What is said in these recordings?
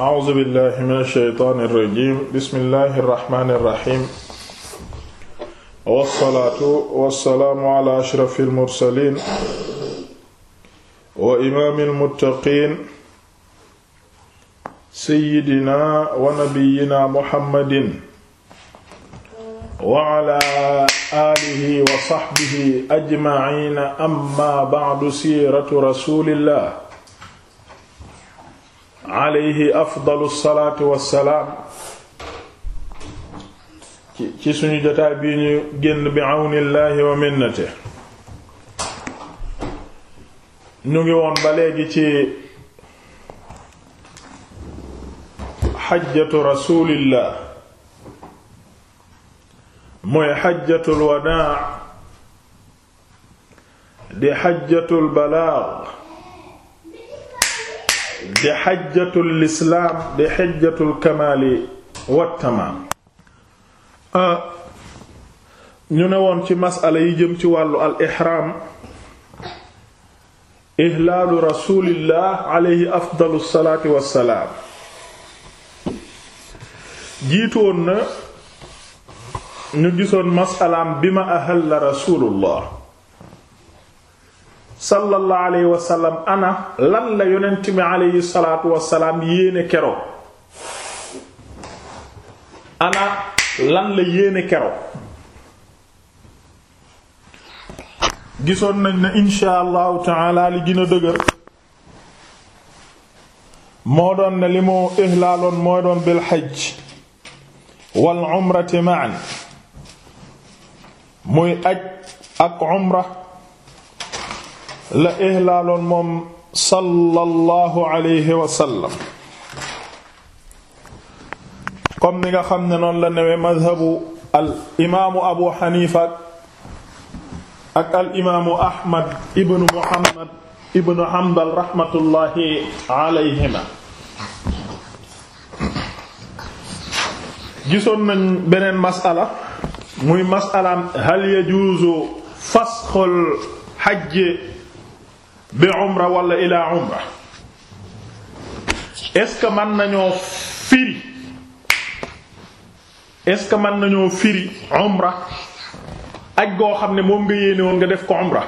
a'uuzu billahi mina shaytaani rajiim bismillahi rahmaani rahiim wassalaatu wassalaamu ala ashrafil mursaliin wa imaamil muttaqiin sayyidina wa nabiyyina muhammadin wa ala aalihi wa sahbihi ajma'iin amma ba'du siiratu rasuulillah alayhi afdalu salaatu wassalaam ci ci suñu jotaay bi ñu génn bi àwnillaahi wa minnate ñu ngi woon ba léegi ci xajjatu rasuulillah mooy xajjatul wadaa di xajjatul balaag di xajjatul islaam di xajjatul kamaali wattamaam ah, ñu ne woon ci masala yi jëm ci wàllu al ixraam ihlaalu rasulillah alayhi afdalu salaati wassalaam jiitoon na ñu gisoon masalaam bi ma ahalla rasulullah sallallahu alayhi wa sallam ana lan la yonent mi alayhi salaatu wa salaam yéene keroog ana lan la yéene keroog gisoon nañ ne insha allahu taala li gën dëgër moo doon ne li mu ihlaaloon mooy doon bil hajj wal umrati ma'an muy aj ak umra la ihlaaloon moom sallallahu alayhi wa sallam comme ni nga xam ne noonu la newee madhabu al imaamu abu xanifa ak al imaamu ahmad ibnu muhammad ibnu hanbal rahmatullahi alayhima gisoon nañ beneen masala muy masalaam hal yajuuzu fasxul xajj bi umra wala ila umra est-ce nañoo firi est-ce que mën nañoo firi umra aj goo xam ne moom nga yéene nga def ko umra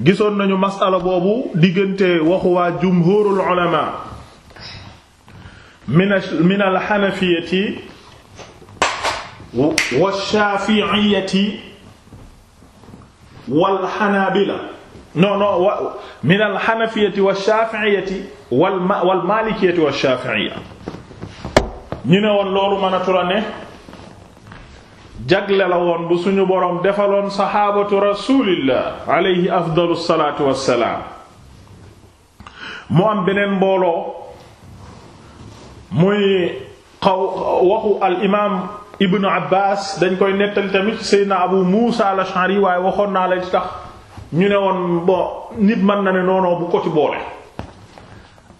gisoon nañu masala boobu diggante waxu waa jumhurul ulama min min al xanafiyati wa shaafiiyati wal xanaabila non non wa min alxanafiyati walshaafiiyati wal walmalikiyati walshaafiiya ñu ne woon loolu mën tura ne jagle la woon bu suñu borom defaloon saxaabatu rasulillah alayhi afdalu salaatu wassalaam mu am beneen mbooloo muy xaw waxu al imaam ibnu abbas dañ koy nettali tamit seydna abu muusa al ashari waaye waxoon naa la ci ñu ne woon bon nit mën na ne noonoo bu ko ci boole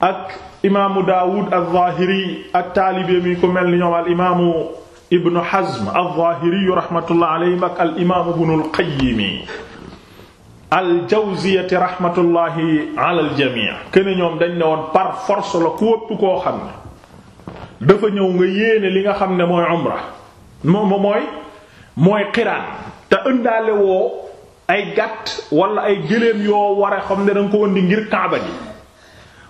ak imaamu Daawud al-Zahiri ak taalibe mel ni ñoom al imaamu Ibn Hazm al-Zahiri rahmatullah alayhim ak al imaamu Ibn al al-Jawziyyati rahmatullahi ala ñoom dañ ne woon par force la ku wëpp koo xam ne dafa ñëw nga yéene li nga xam ne mooy mooy mooy qiraan te ëndaale woo. ay gàtt walla ay gëléem yoo war xam ne da ko indi ngir kaaba gi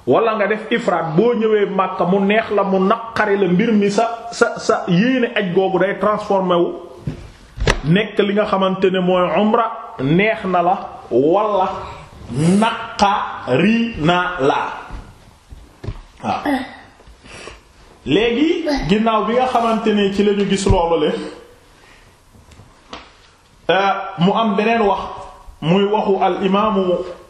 wala nga def ifraat boo ñëwee Makka mu neex la mu naqari la mbir mi sa sa sa yéene aj googu day transformé wu nekk li nga xamante ne mooy umra neex na la wala naqari na la ah. léegi ginnaaw bi nga xamante ne ci lañu gis loolu le Euh, mu am beneen wax muy waxu al imaamu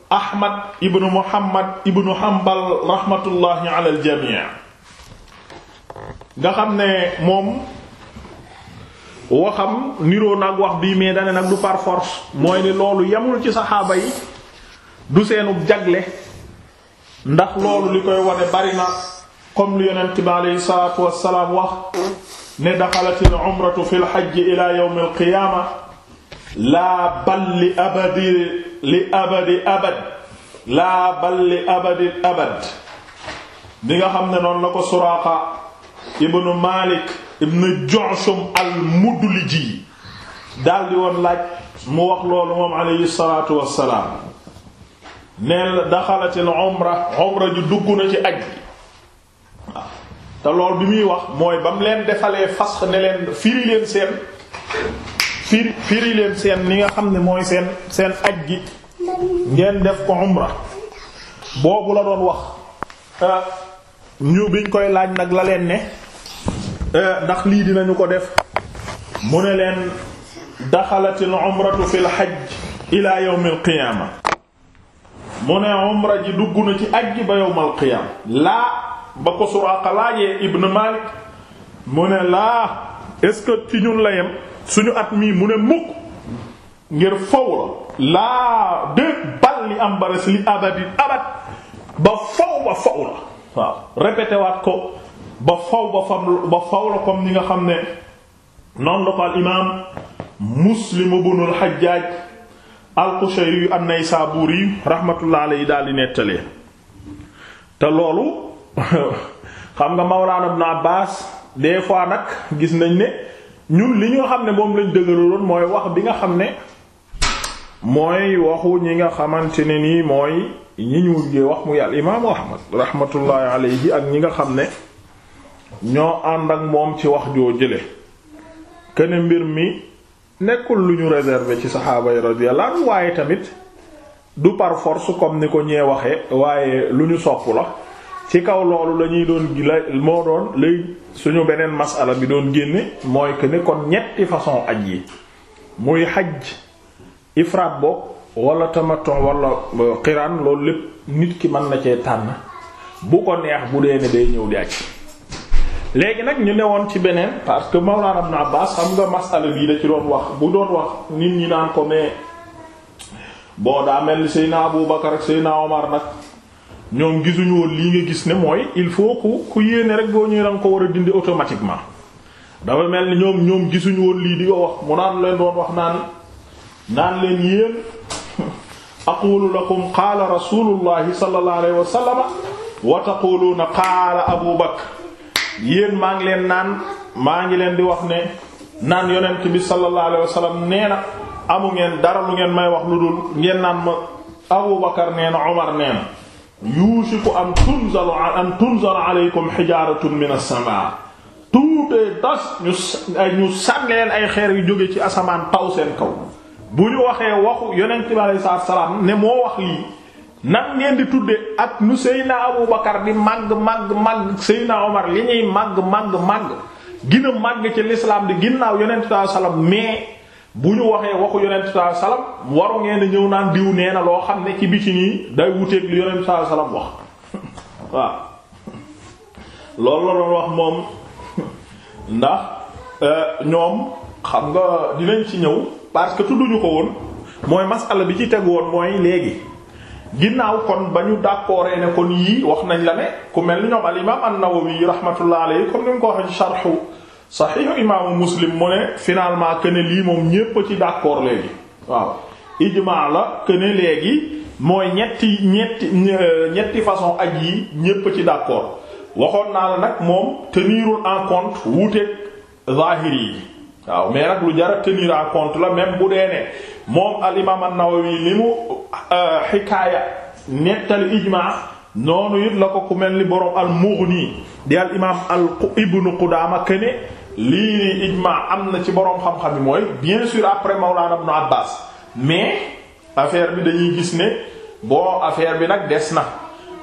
Ahmad ibnu Muhammad ibnu Hanbal rahmatullahi ala jamii nga xam ne moom waxam niroo nag wax bii mais dane nag du par mooy ni loolu yamul ci saxaaba yi du seenu jagle ndax loolu li koy wane bari na comme lu yonent bi aleyhi salaatu wassalaam wax ne daxalatil umratu fil hajj ila yawmil qiyaama laa bal li abadi li abadi abad laa bal li abadi abad bi nga xam ne noonu na ko Suraaqa ibnu malik ibnu Ju'shum al-Mudliji daldi woon laaj mu wax loolu moom alayhi salaatu wassalaam neen daxalatil umra umra ju dugg na ci aj waaw lool bi muy wax mooy ba mu leen defalee fasx ne leen firi leen seen firi firi leen seen li nga xam ne mooy seen seen aj gi ngeen def ko umra boobu la doon wax euh, ñu biñ koy laaj nag la leen ne euh, ndax lii dinañu ko def mu ne leen daxalatil umratu fil hajj ila yawmil qiyaama mu ne umra ji dugg na ci aj gi ba yawmal qiyaama laa ba ko Suraaqa laajee Ibn Maalik mu ne laa est-ce que ci ñun la yem suñu at mii mu ne mukk ngir fow la laa de bal li am bares li abadi abad ba fow ba fow la waaw répété ko ba faw ba fam ba faw la comme ni nga xam ne noonu la ko al imaam muslim ibn al hajjaj al qushayri yu an-naysaburi rahmatullah alayhi daal di nettalee te loolu xam nga mawlaana ibn abbas des fois nag gis nañ ne ñun li ñu xam ne moom lañ dëgëraloon mooy wax bi nga xam ne mooy waxu ñi nga xamante ne nii mooy ñi ñu yi wax muy al imaamu ahmad rahmatullahi alayhi ak ñi nga xam ne ñoo ànd ak moom ci wax joo jële kene mbir mi nekkul lu ñu réservé ci saxaaba yi radiyallahu waaye tamit du par force comme ni ko ñee waxee waaye lu ñu sopp la ci kaw loolu la ñuy doon la moo doon lay suñu beneen masala bi doon génne mooy que ne kon ñetti façon aj yi muy xaj ifraat boog wala tamattu wala xiraan euh, loolu lépp nit ki mën na cee tànn bu ko neex bu dee ne day ñëw di aj léegi nag ñu ne woon ci beneen parce que Mawlana Ibn Abbas xam nga masala bii da ci doon wax bu doon wax nit ñi naan ko mais boo daa mel ni Seydina Abu Bakar ak Seydina Omar nag ñoom gisuñu woon lii nga gis ne mooy il faut ku ku yéene rek boo ñëwee da nga ko war a dindi automatiquement dafa mel ni ñoom ñoom gisuñu woon lii di ko wax mu naan leen doon wax naan naan leen yéen aqulu lakum qaala rasulullahi sallallahu alayhi wa sallama wa taquluuna maa ngi leen naan maa ngi leen di wax ne naan yonent bi sallallahu alayhi wa sallam nee na amu ngeen dara lu ngeen may wax lu dul ngeen naan ma abu bakr nee na omar nee na yuusiku am tunzalu an tunzala aleykum xijaaratun min as-samaa tuutee das ñu ñu sànni leen ay xeer yu jóge ci asamaan taw seen kaw bu ñu waxee waxu yonent bi alayhi salaatu salaam ne moo wax lii nan ngeen di tudde ak nu Seydina Abu Bakar di màgg màgg màgg Seydina Omar li ñuy màgg màgg màgg gina màgg ci lislaam di ginnaaw yonent bi alayhi salaam mais bu ñu waxee waxu yonent saa salaam waru ngeen ñëw naan diw nee na loo xam ne ci biti nii day wuteeg li yonent saa salaam wax waaw loolu la doon wax moom ndax euh, ñoom xam nga dinañ ci ñëw parce que tudduñu ko woon mooy masala bi ci teg woon mooy léegi ginnaaw kon ba ñu d'accord ne kon yii wax nañ la ne ku mel ni ñoom al imaam an-Nawawi rahmatullah alayhi comme ni mu ko waxee ci saxiixu imaamu muslim mu ne finalement que ne lii moom ñépp a ci d'accord léegi waaw ijmaa la que ne léegi mooy ñetti ñetti ñetti façon aj yi ñépp a ci d'accord waxoon naa la nag moom tenirul en compte wuuteeg zahiri yi waaw mais nag lu jara tenir en la même bu dee ne moom al imaam an-Nawawi mu euh, xikaaya nettali ijmaa noonu it la ko ku mel ni boroom al-Mughni di al al ibnu Qudaama que lii nii ijma am na ci boroom xam-xam yi mooy bien sûr après Mawlana Ibn Abbas mais affaire bi dañuy gis ne bon affaire bi nag des na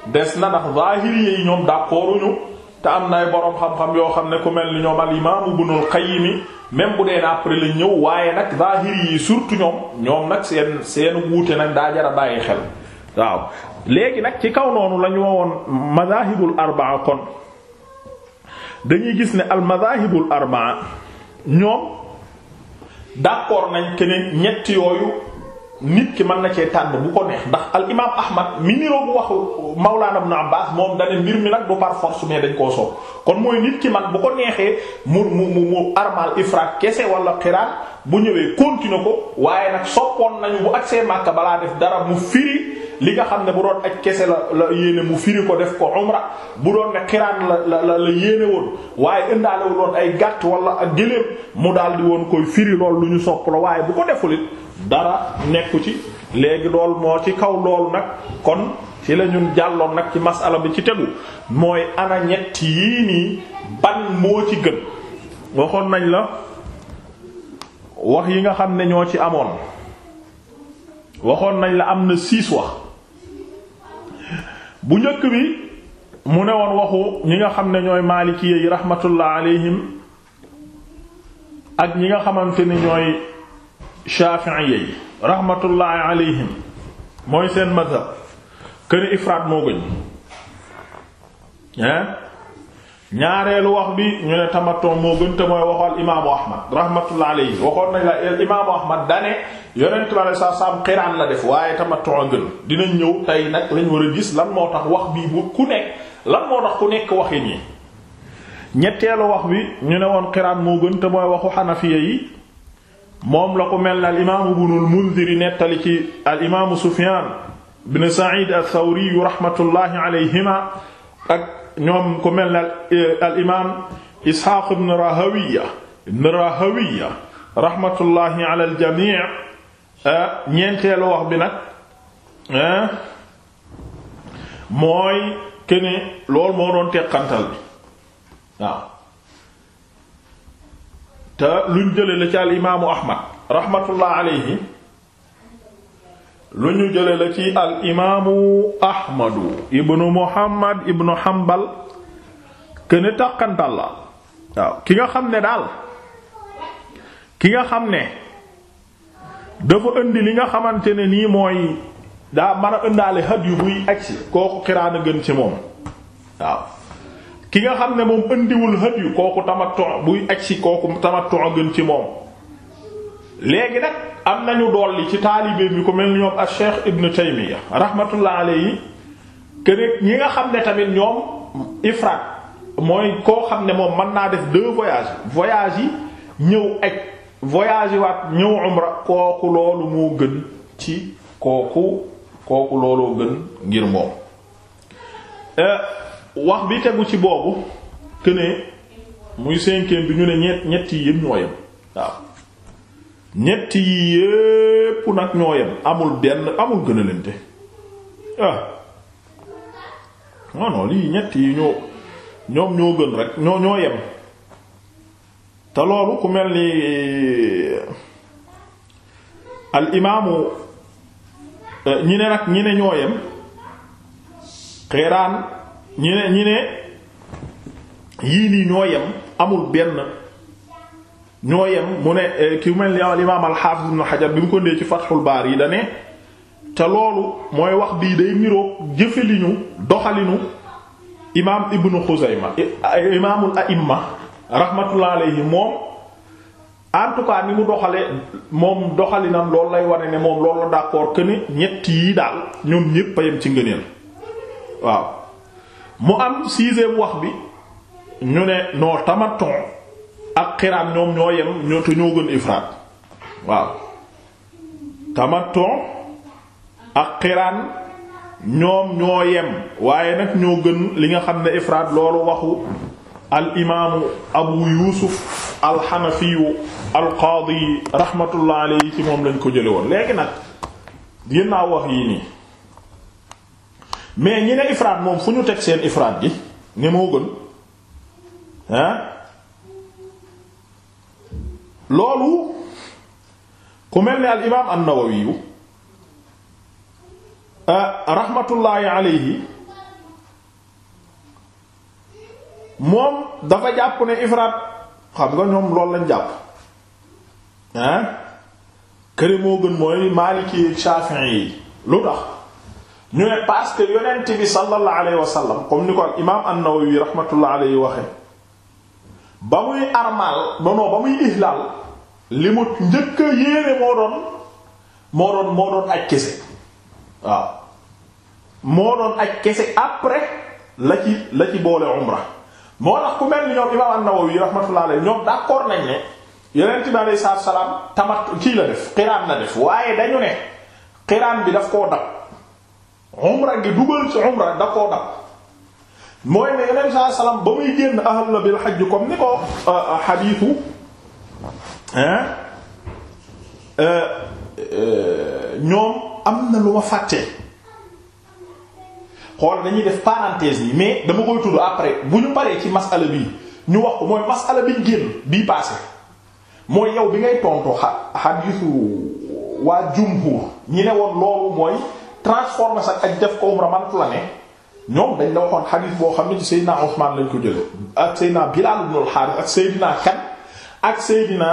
des na ndax zahiri yi ñoom d'accord ñu te am na ay boroom xam-xam yoo xam ne ku mel ni ñoom bu imaam Ibn al-Qayyim même bu dee après la ñëw waaye nag zahiri yi surtout ñoom ñoom nag seen seen wuute nag daa jar a bàyyi xel waaw léegi nag ci kaw noonu la ñu woon mazahibul arba'a kon. dañuy gis ne al madahibul arbaa ñoom d'accord nañ que ne ñett yooyu nit ki mën na cee tànn bu ko neex ndax al imaam ahmad mi niroo bu waxu mawlaana ibn abbaas moom dane mbir mi nag du par force dañ koo soog kon mooy nit ki man bu ko neexee mu mu mu mu armal ifraat kese wala xiraan bu ñëwee continuer ko waaye nag soppoon nañu bu agsee màkka balaa def dara mu firi li nga xam ne bu doon aj kese la la yéene mu firi ko def ko umra bu doon ne xiraan la la la la woon waaye indaalewul woon ay gàtt wala ak géléem mu daal woon koy firi lool lu ñu sopp la waaye bu ko deful dara nekku ci léegi lool moo ci kaw loolu nag kon ci lañu ñun jàlloon nag ci masala bi ci tegu mooy ana ñett yii nii ban moo ci gën waxoon nañ la wax yi nga xam ne ñoo ci amoon waxoon nañ la am na six wax bu njëkk bi mu ne woon waxu ñi nga xam ne ñooy maalikiye yi rahmatullah alayhim ak ñi nga xamante ni ñooy shafi'iyye yi rahmatullah alayhim mooy seen mazhab kër ifraat moo gën hein ñaareelu wax bi ñu ne tamaton moo gën te mooy waxal imaamu ahmad rahmatullah alayhi waxoon nañ la eh, imaamu ahmad dane yonent bi saa saam xiraan la def waaye tamaton a gën dinañ ñëw tey nag lañ war a gis lan moo tax wax bii bu ku nekk lan moo tax ku nekk waxin yi ñetteelu wax bi ñu ne woon xiraan moo gën te mooy waxu xanafiya yi moom la ko mel ne al imaamu ibnul nettali ci al imaamu sufyaan bin sa'id ath-thawri rahmatullahi alayhima ñoom ku mel ne eh, al imaam Isxaaq ibn Rahawiya ibn ala al jamii eh, ñeenteelu wax bi nag eh, mooy kene loolu moo doon teqantal te luñ jële la ci al imaamu Ahmad rahmatullah alayhi lu ñu jële la ci al imaamu ahmadu ibnu muhammad ibnu hambal këne tàqantal la waaw ki nga xam ne daal ki nga xam ne dafa indi li nga xamante ne nii mooy daa mën a ëndaale xat yu buy agsi kooku xiraan a gën ci moom waaw ki nga xam ne moom indiwul xat yu kooku tamattu buy agsi kooku tamattu a gën ci moom léegi nag am nañu dolli ci taalibe bi ko mel ñoom ak Cheikh Ibn Taymiyya rahmatullah alayhi kene ñi nga xam ne tamit ñoom ifrat mooy koo xam ne moom mën naa def deux voyage voyages yi ñëw ak voyage yi waat ñëw umra kooku loolu moo gën ci kooku looloo gën ngir moom euh, wax bi tegu ci boobu que muy cinquième bi ñu ne ñett ñett yëpp ñooyam waaw ñett yi yépp nag ñoo yem amul benn amul gën a ah non lii ñett yi ñoo ñoom ñoo gën rek ñoo ñoo yem te loolu ku mel ni eh, al imaamu eh, ñi ne nag ñi ne ñoo yem xeeraan ñi ne ñi ne yii nii ñoo yem amul benn ñoo yem mu ne eh, ki mel ni al al xaafis ibn bi mu ko ndee ci Fathul Baari yi da ne te loolu mooy wax bii day niroog jëfeliñu doxalinu imaam ibnu Xuzayma eh, imaamul a'imma rahmatullah alayhi moom en tout cas ni mu doxale moom doxalinam lool lay wane ne moom loolu la d'accord que ne ñett yi daal ñoom ñépp a yem ci ngëneel waaw mu am sixième wax bi ñu ne noo tamaton ak xiraan ñoom ñoo yem ñoo te ñoo gën ifraat waaw tamattu ak xiraan ñoom ñoo yem waaye nag ñoo gën li nga xam ne ifraat loolu waxu al imaamu abu yuusuf al xanafiyu raxmatullah alayhi ci moom lañ ko jële woon léegi nag ginnaaw wax yii nii mais ñi ne ifraat moom fu ñu teg seen ifraat gi ne moo gën ah loolu ku mel ni al imaam an-Nawawi eh, rahmatullahi alayhi moom dafa jàpp ne ifraat xam nga ñoom loolu lañ jàpp ah këre moo gën mooy Maliki ak Shafi'i yi lu tax ñu ne parce que yonent bi sallallahu alayhi wa sallam comme ni ko al imaam an-Nawawi rahmatullahi alayhi waxe ba muy armal noonu ba muy ihlaal li mu njëkk a yéene moo doon moo doon moo doon aj kese waaw moo doon aj kese après la ci la ci boole umra moo tax ku mel ni ñoom imaam an-Nawawi rahmatullah alayhi ñoom d'accord nañ ne yonent bi alayhi salaam tamat kii la def xiraan la def waaye dañu ne xiraan bi daf koo dab umra gi dugal ci umra daf koo dab mooy ne yeneen saa salaam ba muy génn ahal la bil hajj comme ni ko xadiisu euh, euh, euh, ñoom am na lu ma fàtte xool dañuy def parenthèse yi mais dama koy tudd après bu ñu paree ci masala bi ñu wax ko mooy masala bi génn bii passé mooy yow bi ngay tontu xadiisu waa jumhur ñi ne woon loolu mooy transformer sax ak def ko umra man ne ñoom dañ la waxoon xadiis boo xam ne ci Seydina Usmaan lañ ko jële ak Seydina Bilaal ibn al-Haaris ak Seydina kan ak Seydina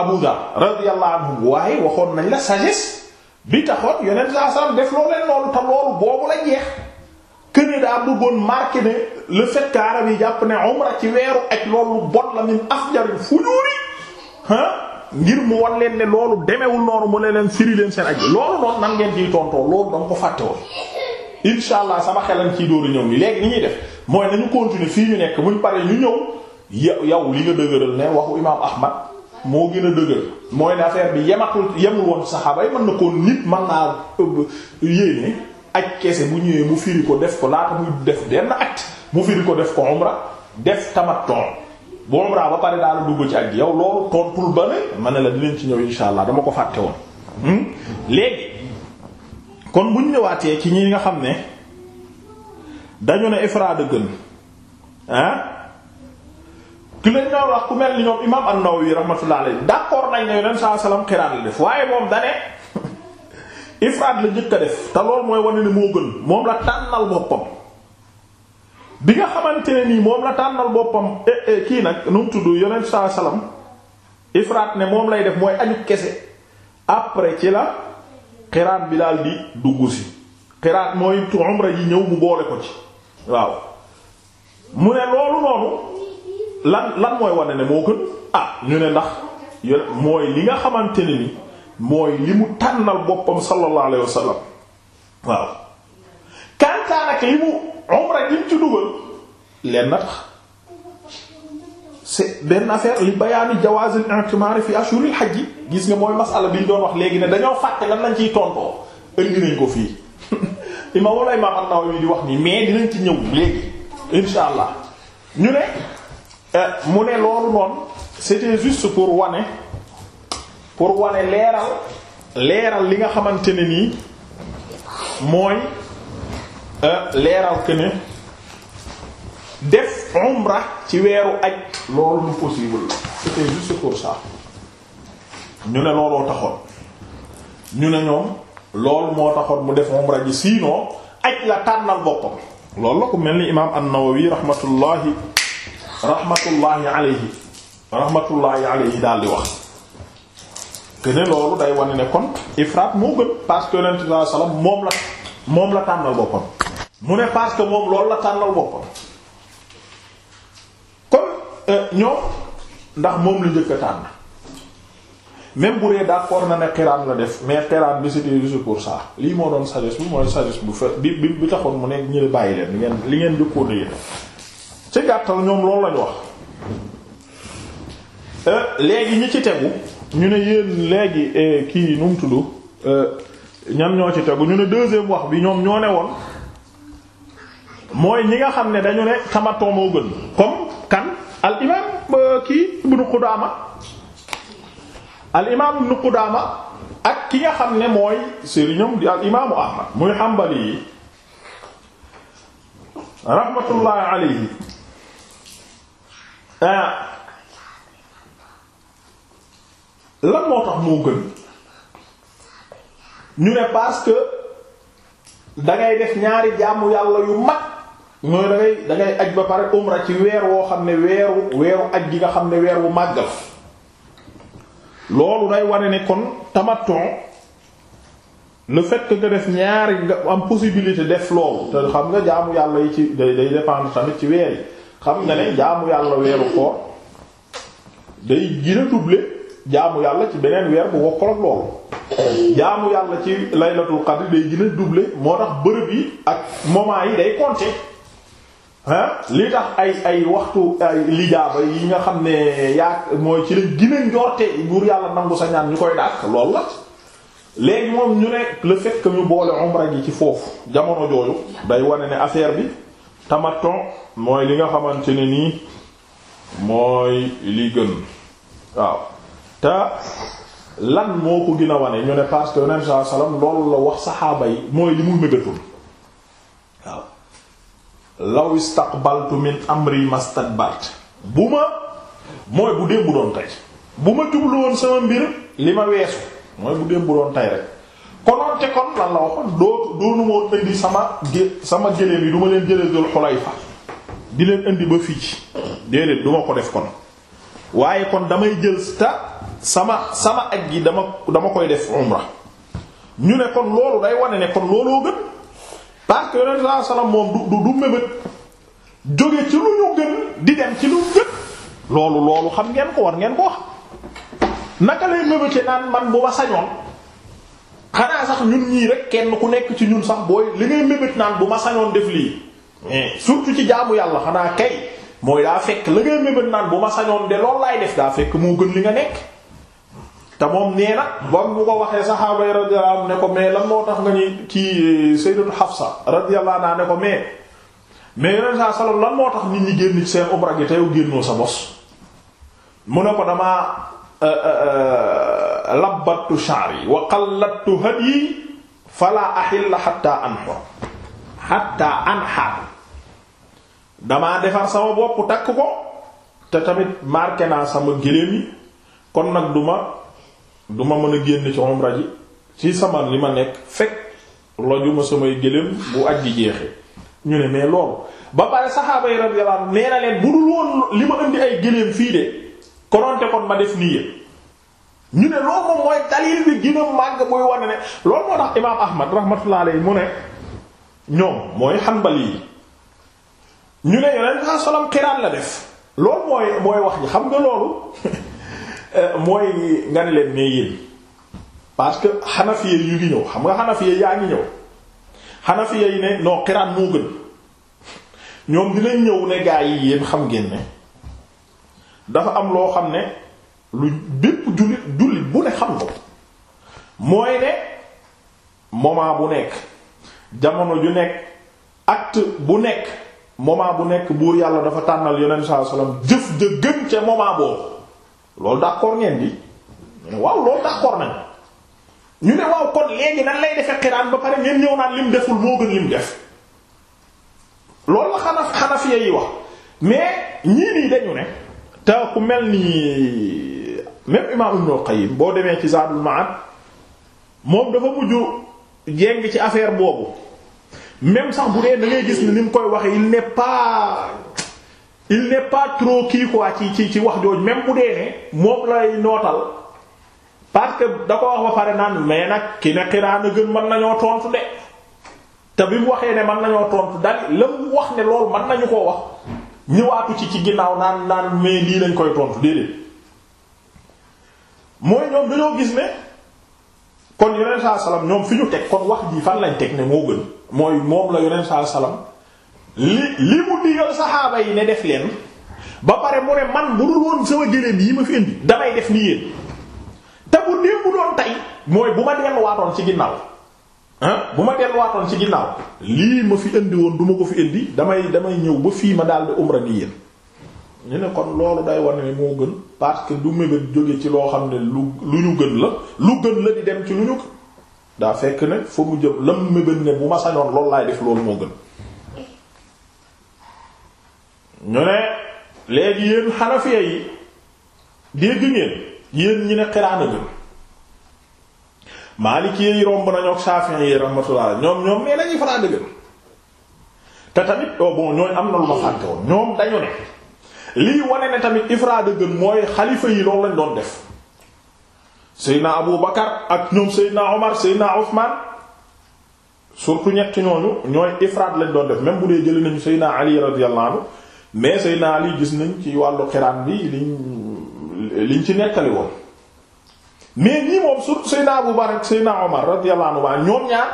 Abu Dar radiyallahu anhu waaye waxoon nañ la sagesse bi taxoon yeneen saa salaam def loo leen loolu te loolu boobu la jeex këne daa bëggoon marqué yi jàpp ne umra ci weeru ak loolu bon ngir mu wan leen ne loolu demewul noonu mu ne leen firi leen seen aj loolu noonu nan ngeen ciy tontoo loolu danga ko fàtte woon incha allah sama xelam ci dóoru ñëw nii léegi ni ñuy def mooy nañu continuer fii ñu nekk buñ pare ñu ñëw yow yow li nga dëgëral ne waxu imaam Ahmad moo gën a dëgër mooy ne affaire bi yematul yemul woon saxaaba yi mën na ko nit man naa yéene ak kese bu ñëwee mu firi ko def ko laata muy def benn at mu firi ko def ko umra def ton bu umra ba pare daal dugg ci ak yow loolu tontul ba ne ma ne la dinañ ci ñëw insha allah dama ko fàtte woon hmm? léegi kon bu buñ ñëwaatee ci ñi nga xam ne dañu ne ifraad gën ah ki lañ doon wax ku mel ni ñoom imaam an yi rahmatullah alayhi d'accord nañ ne yonent saa salaam xiraan la def waaye moom dane ifraad la njëkk a def te loolu mooy wane ne moo gën moom la tànnal boppam bi nga xamante nii moom la tànnal boppam eh, eh, kii nag nu mu tudd yonent saa salaam ifraad ne moom lay def mooy aju kese après ci la. xiraan bi daal di dugg si xiraan mooy umra ji ñëw mu boole ko ci waaw mu ne loolu noonu lan lan mooy wane ne moo gën ah ñu ne ndax mooy li nga xamante ne ni mooy li mu tànnal boppam sallallahu alayhi wa waaw kantaa li mu umra ji mu ci dugal leen na tax c'est benn affaire li bayaani jawaazil i'timaar fi ashhuril hajj gis nga mooy masala bi doon wax léegi ne dañoo fàtte lan lañ ciy tontoo indi nañ ko fii ima wala imam an-Nawawi di wax nii mais dinañ ci ñëw léegi insha allah ñu ne eh, mu ne loolu noonu c'était juste pour wane pour wane leeral leeral li nga xamante ne nii mooy eh, leeral que def umra ci weeru aj loolu lu possible la c'était juste pour ça ñu ne looloo taxoon ñu ne ñoom loolu moo taxoon mu def umra ji sinon aj la tànnal boppam loolu la ko mel ni imaam an-Nawawi rahmatullahi rahmatullahi alayhi rahmatullahi alayhi daal di wax que ne loolu day wane ne kon ifraat moo gën parce que yonent moom la moom la tànnal boppam mu ne parce que moom loolu la tànnal boppam ñoom ndax moom lu njëkk a tànn même bu dee d'accord na ne xiraan la def mais xiraan bi c'était juste pour ça lii moo doon sagesse bi mooy sagesse bu fe bi bi bi taxoon mu ne ñu bàyyi leen li ngeen li ngeen jëkkoon yéen ci gàttal ñoom loolu lañu wax euh, léegi ñi ci tegu ñu ne yéen léegi euh, kii nu mu tudd euh, ñan ñoo ci tegu ñu ne deuxième wax bi ñoom ñoo ne woon mooy ñi nga xam ne dañu ne tamaton moo gën comme al imaam kii ibnu Qudaama al imaam ibnu ak ki nga xam ne mooy sëriñam di al imaamu Ahmad muy Hanbali yi rahmatullahi alayhi ah. lan moo tax moo gën ñu ne parce que dangay def ñaari jàmm yàlla yu mag mooy da ngay da ngay aj ba pare umra ci weer woo xam ne weeru weeru aj gi nga xam ne weer wu màgg la loolu day wane ne kon tamaton le fait que nga def ñaari nga am possibilité def loolu te xam nga jaamu yàlla yi ci day day dépendre ci weer yi xam nga ne jaamu yàlla weeru koor day gën a jaamu yàlla ci beneen weer bu wokkol ak loolu jaamu yàlla ci laylatul qadr day gën a doublé moo tax bërëb yi ak moment yi day compter li tax ay ay waxtu ay lijaaba yi nga xam ne yaa mooy ci lañ gën a buur yàlla nangu sa ñaan ñu koy dàq loolu la léegi moom ñu ne le fait ñu boole umra gi ci foofu jamono jooju day wane ne affaire bi tamaton mooy li nga xamante ne nii mooy li gën waaw te lan moo ko gina wane ñu ne parce que yonent bi sallallahu alayhi wasallam loolu la wax saxaaba yi mooy li mu mébétoon waaw law istaqbaltu min amri mastadbart bu ma mooy bu démb doon tey bu ma jublu woon sama mbir li ma weesu mooy bu démb doon tey rek konoon te kon lan la doo doonu indi sama gé sama géléem yi du ma leen jëlee dul xulayfa di leen indi ba fii ci déedéet duma ko def kon waaye kon damay jël ta sama sama aj gi dama dama koy def umra ñu ne kon loolu day wane ne kon looloo gën parce que yonent saa salaam moom du du mébét jóge ci lu ñu gën di dem ci lu gën loolu loolu xam ngeen ko war ngeen ko wax naka lay mébéte naan man bu ma sañoon xanaa sax ñun ñii rek kenn ku nekk ci ñun sax booy li ngay mébét naan bu ma sañoon def lii mais eh, surtout ci jaamu yàlla xanaa kay mooy daa fekk la ngay mébét naan bu ma sañoon de loolu laay def daa fekk moo gën li nga nekk te moom nee na bam bu ko waxee saxaaba yi radiyallahu anhu ne ko mais lan moo tax nga ñuy kii sayyidatu Hafsa radiyallahu anha ne ko mais mais yeneen saa salaam lan moo tax nit ñi génn ci seen umra gi te yow génnoo sa bos mu ne ko damaa euh, euh, euh, labbattu sha'ri wa qallattu hadyi fala ahilla hatta anhur hatta anhar damaa defar sama bopp takk ko te tamit marqué naa sama géléem yi kon nag duma du ma mën a génn ci umra ci sama li ma nekk fekk lojuma samay gëléem bu aj ji jeexee ñu ne mais loolu ba pare saxaaba yi radiyallahu nee na leen bu dul woon li ma indi ay gëléem fii de konoonte kon ma def nii yëpp ñu ne loolu moom mooy dalil bi gën a muy wane ne loolu moo tax imaam Ahmad rahmatullahi alayhi mu ne ñoom mooy Hanbali yi ñu ne yoneen saa salaam xiraan la def loolu mooy mooy wax ji xam nga loolu Euh, mooy nga ne leen mais yéen parce que xanafiye yu ngi ñëw xam nga xanafiye yaa ngi ñëw xanafiye yi ne non xiraan moo gën ñoom dinañ ñëw ne gaa yi yéen xam ngeen dafa am loo xam ne lu bépp jullit jullit bu ne xam nga mooy ne moment bu nekk jamono ju nekk at bu nekk moment bu nekk buur yàlla dafa tànnal yonent sallallahu alayhi wasallam jëf ja gën ca moment boobu loolu d'accord ngeen di waaw loolu d'accord nañ ñu ne waaw kon léegi nan lay defee xiraan ba pare ngeen ñëw naan lim deful moo gën lim def loolu la xanaf xanafiya yi wax mais ñii nii dañu ne te ku mel ni même imam Ibn Qayyim boo demee ci Zadul Ma'ad moom dafa mujj jéng ci affaire boobu même sax bu dee da gis ni ni mu koy waxee il n'est il n'est pas trop kii quoi ci ci wax jooju même bu dee ne moom lay nootal parce que da ko wax ba pare naan mais nag ki ne xiraa a gën mën nañoo tontu de te bi mu waxee ne mën nañoo tontu dal la mu wax ne loolu man nañu koo wax ñëwaatu ci ci ginnaaw naan naan mais lii lañ koy tontu déedéet mooy ñoom dañoo gis ne kon yonent saa salaam ñoom fi ñu teg kon wax jii fan lañ teg ne moo gën mooy moom la yonent saa salaam. li li mu digal saxaaba yi ne def leen ba pare mu ne man bu dul woon sama gëléem yi ma fi indi damay def ni yéen te bu néew bu doon tey mooy bu ma delluwaatoon ci ginnaaw ah bu ma delluwaatoon ci ginnaaw lii ma fi indi woon du ma ko fi indi damay damay ñëw ba fii ma daal di umra ni yéen. ñu ne kon loolu day wane ne moo gën parce que du mébét jóge ci loo xam ne lu lu ñu gën la lu gën la di dem ci lu ñu daa fekk ne fa mu jëm mu mébét ne bu ma sañoon loolu moo gën. ñu ne léegi yéen xanafiya yi dégg ngeen yéen ñi ne xiraan a gën maaliki yi romb nañu ak Shafi'i yi rahmatullah ñoom ñoom nee nañu faraan a gën te tamit oh bon ñooñu am na lu ma xàtte woon ñoom dañu ne lii wane ne tamit ifraad a gën mooy xalifa yi loolu lañ doon def Seydina Abu Bakar ak ñoom Seydina Omar Seydina Ousmane surtout ñetti ñooñu ñooy ifraad lañ doon def même bu dee jëlee nañu Seydina Ali radiyallahu mais Seydina Ali gis nañ ci wàllu xiraan bi liñ liñ ci nekkali woon mais ñii moom surtout Seydina Abu Bakr Seydina Omar radiyallahu anhu ñoom ñaar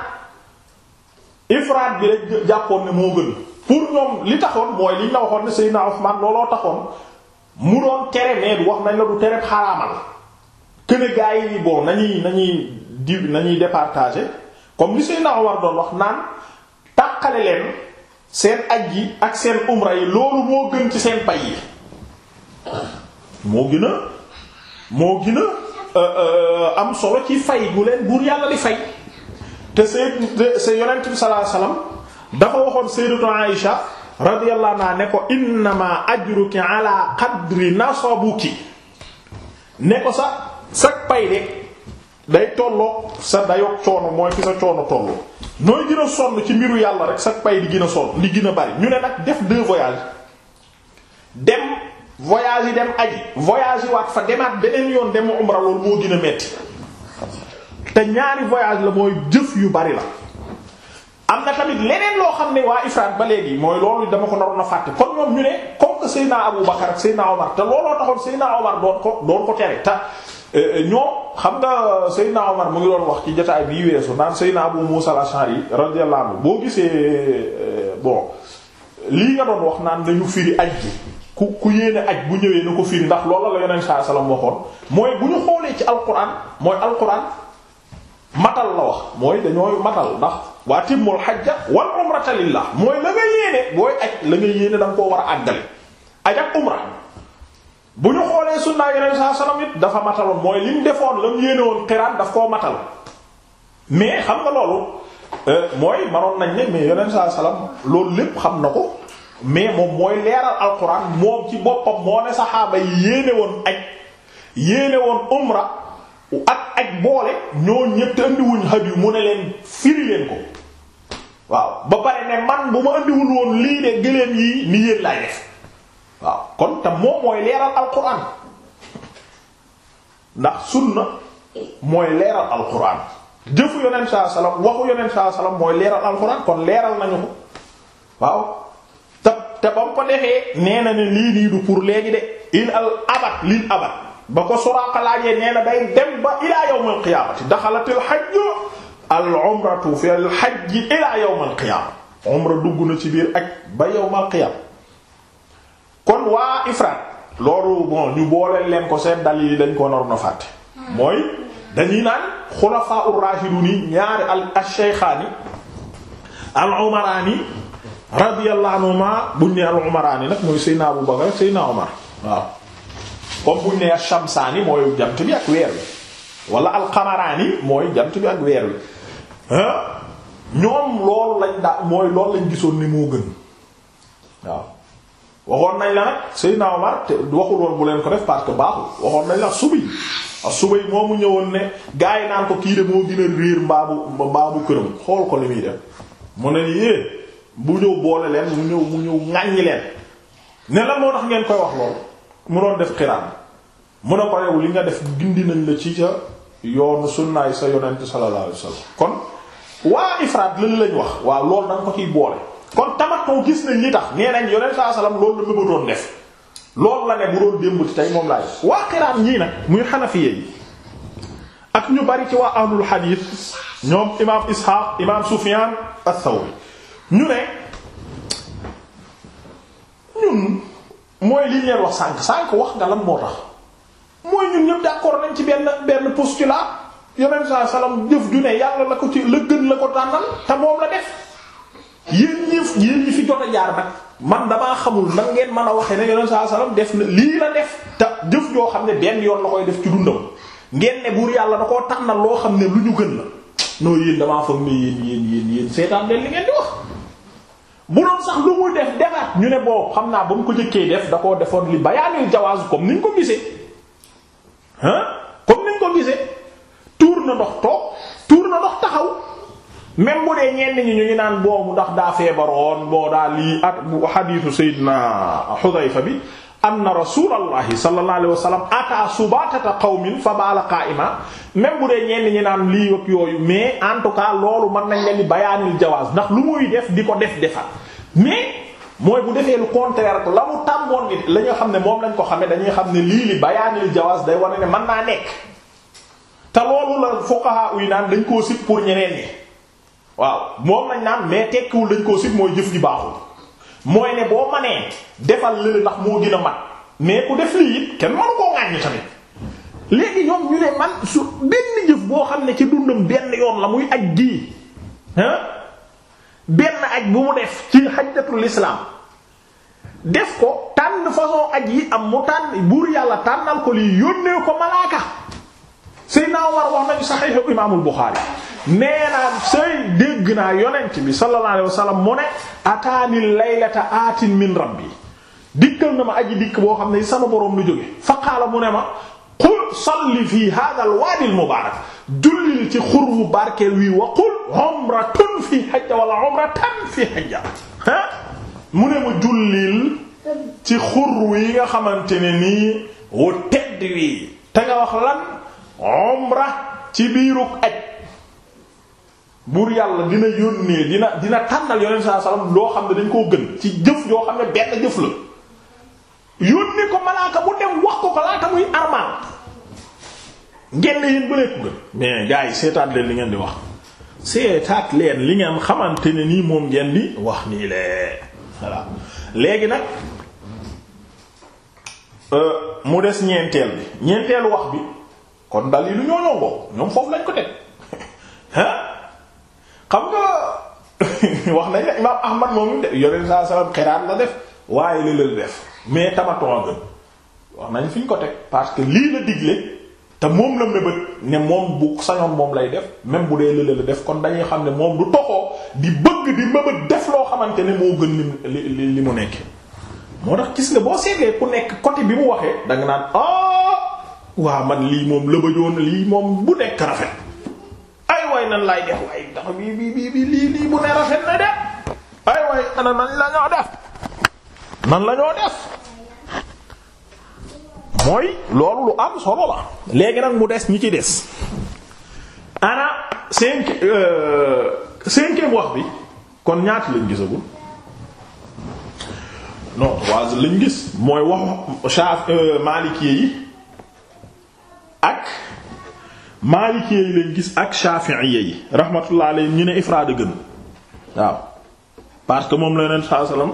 ifraat bi rek jàppoon ne moo gën pour ñoom li taxoon mooy liñ la waxoon ne Seydina Ousmane looloo taxoon mu doon tere mais wax nañ la du tere xaraamal que ne gaa yi bon nañuy nañuy di nañuy départager comme li Seydina Omar doon wax naan tàqale leen. seen aj yi ak seen umra yi loolu moo gën ci seen pay yi moo gën a moo gën a euh, euh, am solo ci fay gu leen buur yàlla di fay te seen seen yonent bi dafa waxoon sayyidatu Aïsha radiyallahu anha ne ko innama ajruki ala qadri nasabuki ne ko sa sa pay de day tolloog sa dayoog coono mooy fi sa coono tollu nooy gën sonn ci mbiru yàlla rek sax pay di gën a sonn di gën bari ñu ne nag def deux voyages dem voyage yi dem aji voyage yi waat fa demaat beneen yoon dem umra loolu moo gën metti te ñaari voyage la mooy jëf yu bari la. am na tamit leneen loo xam ne waa ifraat ba léegi mooy loolu dama ko naroon a fàtte kon ñoom ñu ne comme que Seydina Abu Bakar ak te looloo taxoon Seydina Omar doon ko doon ko tere ta Eh, eh, ñoom xam nga euh, Seydina Omar mu ngi doon wax ci jotaay bii weesu naan Seydina Abu Musa al-Ash'ari radiyallahu anhu boo gisee euh, bon lii nga doon wax naan nañu firi aj ji ku ku yéene aj bu ñëwee na ko firi ndax loolu la Yonent sallallahu alayhi wasallam waxoon mooy bu ñu xoolee ci alquran mooy alquran matal la wax mooy dañooy matal ndax wa atimmul hajja wal umrata lillah mooy la nga yéene booy aj la nga yéene da koo war a àggale aj ak umra bu ñu xoolee sunnaa yeneen saa salaam it dafa mataloon mooy li mu defoon la mu yéene woon xiraan daf koo matal mais xam nga loolu euh, mooy manoon nañ ne mais yeneen sa salaam loolu lépp xam na ko mais moom mooy leeral alquran moom ci boppam moo ne saxaaba yi yéene woon aj yéene woon umra ak aj boole ñoo ñëpp te andiwuñ xaj yu mu ne leen firi leen ko waaw ba pare ne man bu ma andiwul woon lii de gëléem yii ni yéen laay def. waaw kon te moom mooy leeral alquran ndax sunna mooy leeral alquran jëfu yonent saa salaam waxu yonent saa salaam mooy leeral alquran kon leeral nañu ko waaw te te ko defee nee na ne lii nii du pour léegi de il al abad lil abad ba ko Suraaqa laajee nee na day dem ba ilaa yawmal qiyaamati daxalatil hajj al umratu fil hajj ilaa yawmal qiyaama umra dugg na ci biir ak ba yawmal qiyaama kon waa ifrat loolu bon ñu booleel leen ko seen dalil yi dañ ko naroon a fàtte mooy dañuy naan xulafaa ur-rashidun yi ñaari al shaykhaani al-umaraani radiyallahu anhuma buñ ne al-umaraani nag mooy Seydina Abu Bakar Seydina Umar waaw comme buñ ne ash-shamsaani mooy jant bi ak weer wi wala al-qamaraani mooy jant bi ak weer wi ah, ñoom loolu lañ daa mooy loolu lañ gisoon ni moo gën waaw waxoon nañ la nag Seydina Omar te waxul woon bu leen ko def parce que baaxul waxoon nañ la Subay ak Subay moo mu ñëwoon ne gars yi naan ko kii de moo gën a réer mbaabu mbaabu këram xool ko li muy def mu ne nii eh, bu ñëw boole leen mu ñëw mu ñëw ŋàññi leen ne la moo tax ngeen koy wax lool mu doon def xiraan mu ne ko yow li nga def gindi nañ la ci sa yoonu sunnaay sa yonent sallallahu alayhi wasallam kon waa ifraat lan lañ wax waaw lool da ko ciy boole. kon tama koo gis nañ li tax nee nañ yonent saa salaam loolu la mëbatoon def loolu la ne bu doon démb ci tey moom laay waa xiraam ñii nag muy xanafiye yi ak ñu bari ci waa ahlul xadiit ñoom imaam Isxaaq imaam Sufyaan as-Sawri ñu ne ñun mooy li ñu wax sànq sànq wax nga lan moo tax mooy ñun ñëpp d'accord nañ ci benn benn postulat yonent saa salaam jëf ju ne yàlla la ko ci la gën la ko tànnal te moom la def. yéen ñi yéen fi jot a jaar ba man damaa xamul nan ngeen mën a waxee ne yonent saa salaam def na lii la def te jëf yoo xam ne benn yoon la koy def ci dundam ngeen ne buur yàlla da koo tax na loo xam ne lu ñu gën la non yéen damaa foog ne yéen yéen yéen yéen seetaan leen li ngeen di wax. bu doon sax lu muy def defaat ñu ne boobu xam naa ba mu ko jëkkee def da koo defoon li bayaanul jawaaz comme ni ñu ko gisee ah comme ni ñu ko gisee tuur na ndox toog tuur na ndox taxaw. même bu dee ñenn ñi ñu ngi naan boobu ndax daa feebaroon boo daa lii at bu xadiisu Seydina Xudayfa bi anna rasulallahi sallallahu alayhi wa sallam ata subatata qawmin fa baala qaa'ima même bu dee ñenn ñi naan lii ak yooyu mais en tout cas loolu mën nañ leen di bayaanil jawaaz ndax lu muy def di ko def defar mais mooy bu defee lu contraire ko la mu tàmmoon la nga xam ne moom lañ ko xamee dañuy xam ne lii li bayaanil jawaaz day wane ne man naa nekk te loolu la fuqaha uy naan dañ koo sib pour ñeneen ñi waaw moom lañ naan mais tekkiwul dañ koo sib mooy jëf ji baaxul mooy ne boo manee defal lële ndax moo gën a mat mais ku def lii it kenn mënu koo ŋàññi tamit léegi ñoom ñu ne man su benn jëf boo xam ne ci dundam benn yoon la muy aj gii ah benn aj bu mu def ci xajjatul islam def ko tànn façon aj yi am mu tànn buur yàlla tànnal ko lii yónnee ko malaaka Seydina Umar wax nañu saxiixu imaamul Buxaari nee naa say dégg naa yonent bi sallallahu alayhi wa sallam mu ne ataani laylata aatin min rabbi dikkal na ma aji dikk boo xam ne sama boroom lu jóge fa qaala mu ne ma qul salli fi hadha alwaadi almubaarak jullil ci xur wu barkeel wii wa qul umratun fi hajja wala umratan fi hajja ah mu ne ma jullil ci xur wi nga xamante ne nii wu tedd wii te nga wax lan umra ci biirug aj buur yàlla dina yónnee dina dina tànnal yonent saa salaam loo xam ne dañ koo gën ci jëf yoo xam ne benn jëf la yónnee ko malaaka bu dem wax ko ko laata muy armaal ngeen yéen ba lépp gën mais gars yi seetaat leen li ngeen di wax seetaat leen li ngeen xamante ne nii moom ngeen di wax nii lee voilà léegi nag euh, mu des ñeenteel bi ñeenteelu wax bi kon dal yi lu ñoo ñoo ñoom foofu lañ ko teg ah xam nga wax nañ la imaam Ahmad moom de yore saa salaam xiraat la def waaye li def mais tamaton gën wax nañ fi ñu ko teg parce que lii la digle te moom la mébét ne moom bu sañoon moom lay def même bu dee lële la def kon dañuy xam ne moom du toxoo di bëgg di mébét def loo xamante ne moo gën li li li mu nekk moo tax gis nga boo seetlee ku nekk côté bi mu waxee danga naan ah, waa man lii moom lëbëjoon lii moom bu nekk rafet ay waay nan laay def waay ndax bi bi bi lii bu ne rafet na de ay waay ana nan la def nan la def mooy loolu lu am solo la léegi nag mu des ñi ci des ana cinq euh, cinquième wax bi kon ñaat lañ gisagul non trois lañ gis mooy waxu Shaaf euh, Maliki yi ak maalikee yi lañ gis ak shafi'iyya yi rahmatullah alayhi ñu ne ifraad gën waaw parce que moom la yonent saa salaam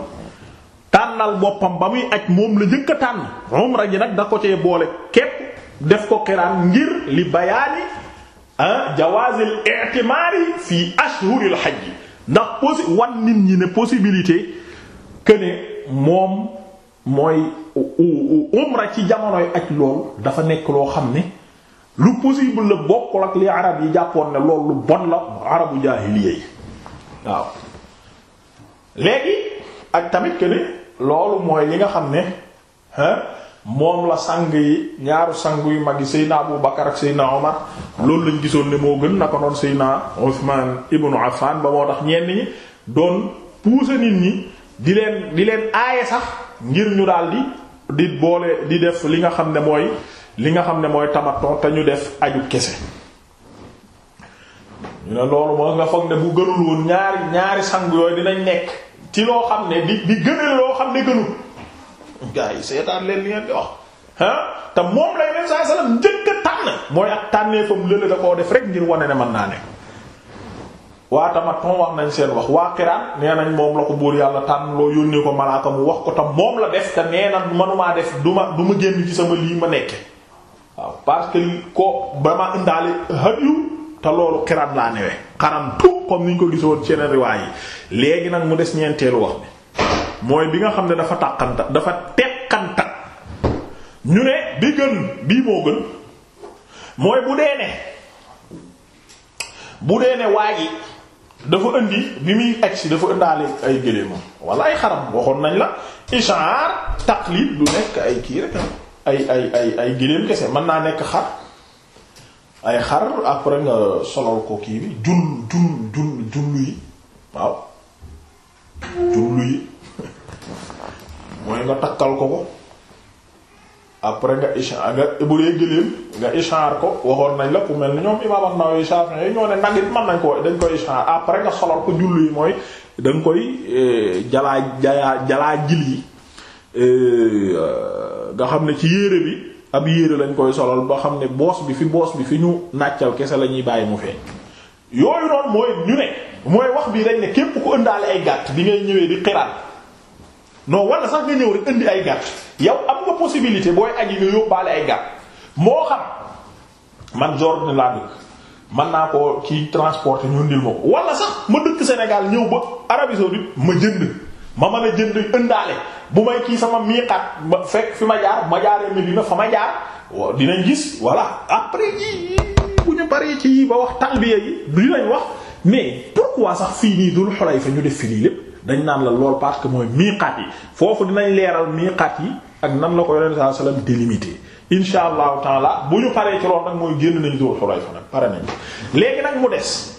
tànnal boppam ba muy aj moom la njëkk a tànn umra ji nag da ko cee boole képp def ko xiraan ngir li bayaani ah, jawaazil i'timaari fii ashhuril hajj ndax possi wan nit ñi ne possibilité que ne moom mooy umra ci jamonoy aj lool dafa nekk loo xam ne lu possible la bokkul ak li arab yi jàppoon ne loolu lu bon la arabu jaahiliya yi waaw léegi ak tamit que ne loolu mooy li nga xam ne moom la sang yi ñaaru sang yu mag yi Seydina Abu Bakar ak Seydina Omar loolu lañ gisoon ne moo gën naka noon Seydina Ousmane ibnu Affan ba moo tax ñenn ñi doon pousser nit ñi di leen di leen aaye sax ngir ñu daal di di boole di def li nga xam ne mooy li nga xam ne mooy tamaton te ñu def aju kese ñu ne loolu moo nga foog ne bu gënul woon ñaari ñaari sang yooyu dinañ nekk ci loo xam ne bi di gënal loo xam ne gënul gaa yi seetaan leen li ngeen di wax ah te moom lay a tànn mooy lële da koo def rek ngir wane ne mën naa ne waa tamaton wax nañ seen wax waa xiraan nee nañ moom la ko buur yàlla tànn loo yónnee ko malaaka mu wax ko te moom la def te nee na manumaa def duma du ma génn ci sama lii ma nekke waaw parce que ko ba ma indaale hadiyu te loolu xiraan laa newee xaram tout comme ni ko gisoon ci yeneen léegi nag mu des ñeenteelu wax bi mooy bi nga xam ne dafa taqanta dafa teqanta ñu ne bi gën bii moo gën mooy bu dee ne bu dee ne waa dafa indi bi muy agsi dafa indaale ay gëléemam wala ay xaram waxoon nañ la ishaar taqlid du nekk ay kii rek ay ay ay ay giléem kese mën naa nekk xar ay xar après nga solal ko kii bi jul jul jul jullu yi waaw jullu yi mooy nga takkal ko ko après nga ishaar nga bu dee giléem nga ishaar ko waxoon nañ la ku mel ni ñoom imaam An-Nawawi Shafi'i yi ñoo ne nag it mën nañ koo dañ koy ishaar après nga solal ko jullu yi mooy dañ koy eh, jalaa jalaa jalaa jil yi Euh, nga xam ne ci yére bi ab yére lañ koy solal ba xam ne boos bi fi boos bi fi ñu nàccal kese la ñuy bàyyi mu feeñ yooyu noonu mooy ñu ne mooy wax bii dañ ne képp ko ëndaale ay gàtt bi ngay ñëwee di xiraat non wala sax nga ñëw rek indi ay gàtt yow am nga possibilité booy aji nga ay gàtt moo xam man Jordan laa dëkk man naa ko ci transporter ñu ndil ma ko wala sax ma dëkk Sénégal ñëw ba Arabie saoudite ma jënd ma mën a jënd ëndaale bu may kii sama miiqaat ba fekk fi ma jaar ma jaaree Medina fa ma jaar waaw dinañ gis voilà après yi bu ñu bari ci yi ba wax talbiya yi dinañ wax mais waa sax fii nii Dul Xulayfa ñu def fi lépp dañ naan la lool parce que mooy miiqaat yi foofu dinañ leeral miiqaat yi ak nan la ko yonent sallallahu alayhi wasallam délimité insha allahu taala bu ñu paree ci loolu nag mooy génn nañ Dul Xulayfa nag pare nañ léegi nag mu des.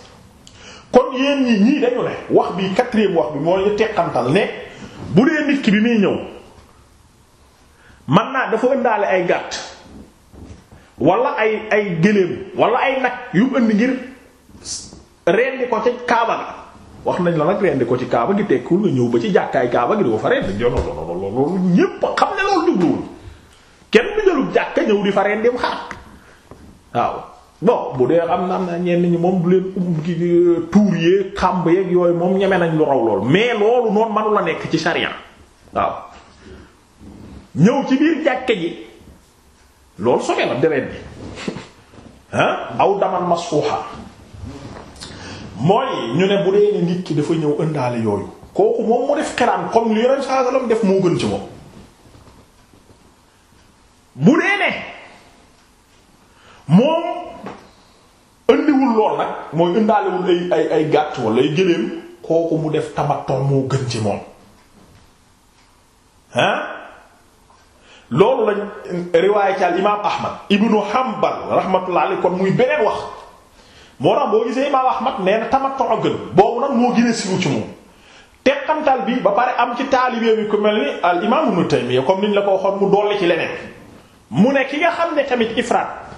kon yéen ñi ñii dañu ne wax bi quatrième wax bi mooy teqantal ne bu dee nit ki bi muy ñëw man naa dafa ëndaale ay gàtt wala ay ay gëléem wala ay nag yu ënd ngir rendi ko ci kaaba ga wax nañ la nag rendi ko ci kaaba gi tekkul nga ñëw ba ci jàkkaay kaaba gi di ko fa rendi jono loolu ñépp xam ne loolu jubluwul kenn du jëlul ñëw di fa rendim xaar waaw bon bu dee am na am na ñenn ñi moom du leen um ki tuur yeeg xàmb yeeg yooyu moom ñeme nañ lu raw lool mais loolu noonu manu la nekk ci sharia waaw ñëw ci biir jàkke ji loolu soge la deret bi ah aw daman masfuha mooy ñu ne bu dee ne nit ki dafa ñëw ëndaale yooyu kooku moom mu def xiraan comme li yoneen saa sallam def moo gën ci moom bu dee ne moom indiwul lool nag mooy indaalewul ay ay ay gàtt wala ay gëléem kooku mu def tamattu moo gën ci moom ah loolu lañ riwaaya ci al imaam ahmad ibnu hanbal rahmatullah alayhi kon muy beneen wax moo tax boo gisee imaam ahmad nee na a gën boobu nag moo gën a siiw ci moom teqantal bi ba pare am ci taalibe bi ku mel ni al imaam ibnu taymiya comme niñ la ko waxoon mu dolli ci leneen mu ne ki nga xam ne tamit ifraat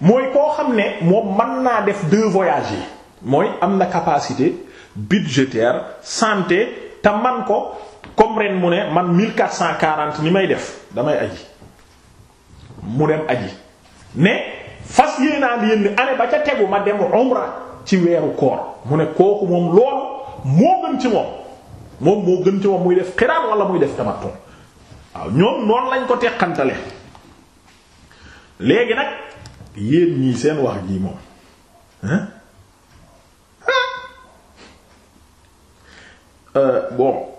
mooy koo xam ne moom man naa def deux voyages yi mooy am na capacité budgétaire santé tam man ko comme ren mu ne man 1440 ni may def damay aji mu dem aji ne fas yéenaan yéen ni ba ca tegu ma dem umra ci weeru koor mu ne kooku moom loolu moo gën ci moom moom moo gën ci moom muy def xiraan wala muy def tamattu waaw ñoom noonu lañ ko teqantale léegi nag yéen ñii seen wax ji moom hein ah! euh, bon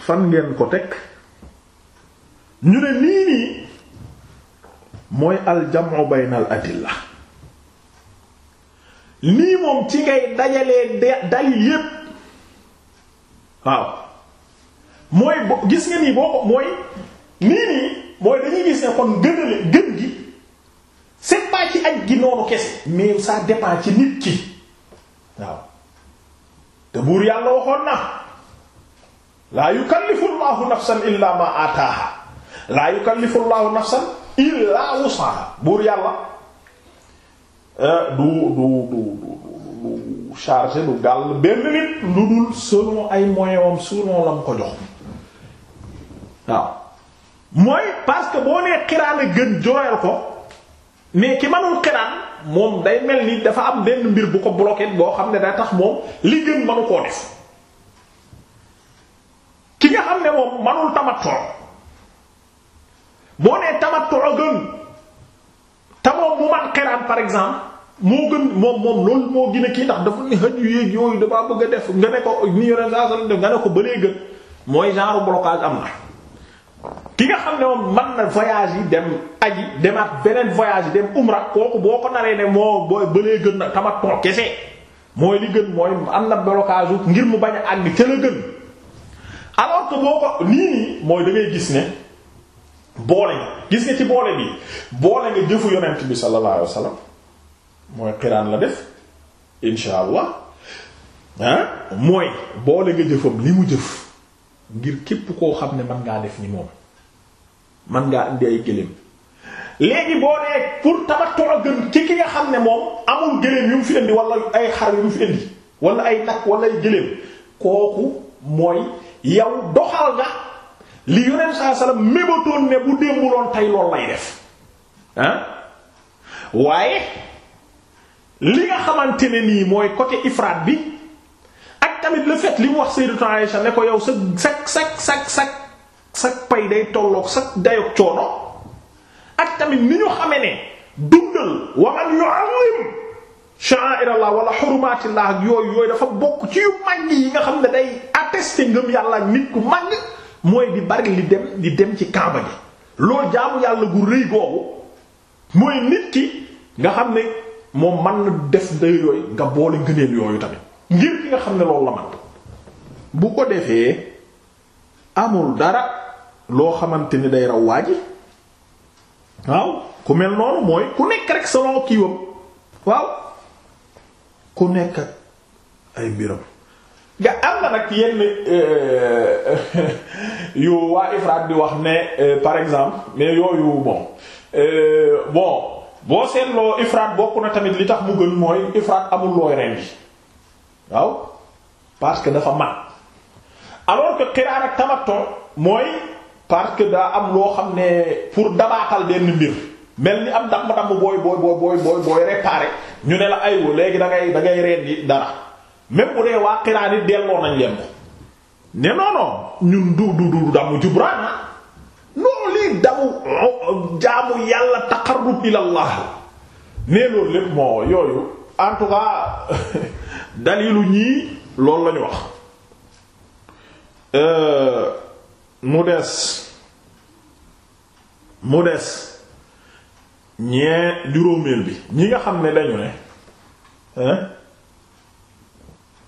fan ngeen ko teg ñu ne nii nii mooy aljamu baynal adilla nii moom ci ngay dajalee dalil yépp waaw mooy bo gis nga nii boo ko mooy nii nii mooy dañuy gis ne kon gënale gën gi c'est ci aj gi noonu kese mais ça dépend ci nit ki waaw te buur yàlla waxoon na laa yukallifu nafsan illa ma ataaha laa yukallifu nafsan illa wusaha buur yàlla eh, du du du du chargé du gàll benn nit lu dul selon ay moyen am selon lam ko jox waaw mooy parce que boo nee xiraan gën jooyal ko mais ki manul xiraan moom day mel ni dafa am benn mbir bu ko bloqué boo xam ne daa tax moom li gën manu koo def ki nga xam ne moom manul tamatoo boo nee tamatoo gën te moom mu man xiraan par exemple moo gën moom moom loolu moo gën a kii tax dafa ne xëj yu yéeg yooyu damaa bëgg a def nga ne ko ni yore saa def nga ne ko ba gën mooy genre blocage am na. ki nga xam ne moom mën na voyage yi dem ak demaat beneen voyage yi dem umra kooku boo ko naree ne moo booy bëlee gën na tamatoo kese mooy li gën mooy am na blocage ngir mu bañ a àgg ca la gën alors que boo ko nii nii mooy da gis ne boole nga gis nga ci boole bi boole nga jëfu yonent bi sallallahu alayhi mooy xiraan la def insha allah ah mooy boole nga jëfam li mu jëf ngir képp koo xam ne mën ngaa def ni moom man ngaa indi ay gëléem léegi boo nee pour tamattu gën ci ki nga xam ne moom amul gëléem yu mu fi indi wala ay xar yu mu fi indi wala ay nag walla ay gëléem kooku mooy yow doxal nga li yonent saa salaam mébatoon ne bu démbuloon tey loolu lay def waaye li nga xamante ne nii mooy côté ifraat bi ak tamit le fait li mu wax Sayyidatu Aïcha ne ko yow sa sak sak sak sak sak pay day tolloog sak dayoog coono ak tamit ni ñu xame ne dundal wa man yu'azzim sha'a'irallah wala xurumatillah ak yooyu yooyu dafa bokk ci yu màgg yi nga xam ne day attester ngëm yàlla ak nit ku màgg mooy di bari li dem di dem ci kaaba gi loo jaamu yàlla gu rëy googu mooy nit ki nga xam ne moom man na def day yooyu nga boole ngëneel yooyu tamit ngir ki nga xam ne loolu la man bu ko defee amul dara loo xamante ni day raw waa ji waaw ku mel noonu mooy ku nekk rek selon kiiwam waaw ku nekk ay mbiram nga am nag yenn euh, yu waa ifraat bi wax ne euh, par exemple mais yooyu bon euh, boo seetloo ifraat bokk na tamit li tax mu gën mooy ifraat amul looy rendi waaw parce que dafa mat alors que xiraan ak tamattu mooy parce que daa am loo xam ne pour dabaaxal benn mbir mel ni am ndax ma booy booy booy booy booy ñu ne la aywa léegi dangay dangay da ngay rendi dara même bu dee waa xiraan yi delloo nañ leen ko ne non loolu lépp yooyu en tout cas dalilu ñii loolu la wax. Euh, mu des mu des ñee juróomeel bi ñi nga xam ne dañu ne hein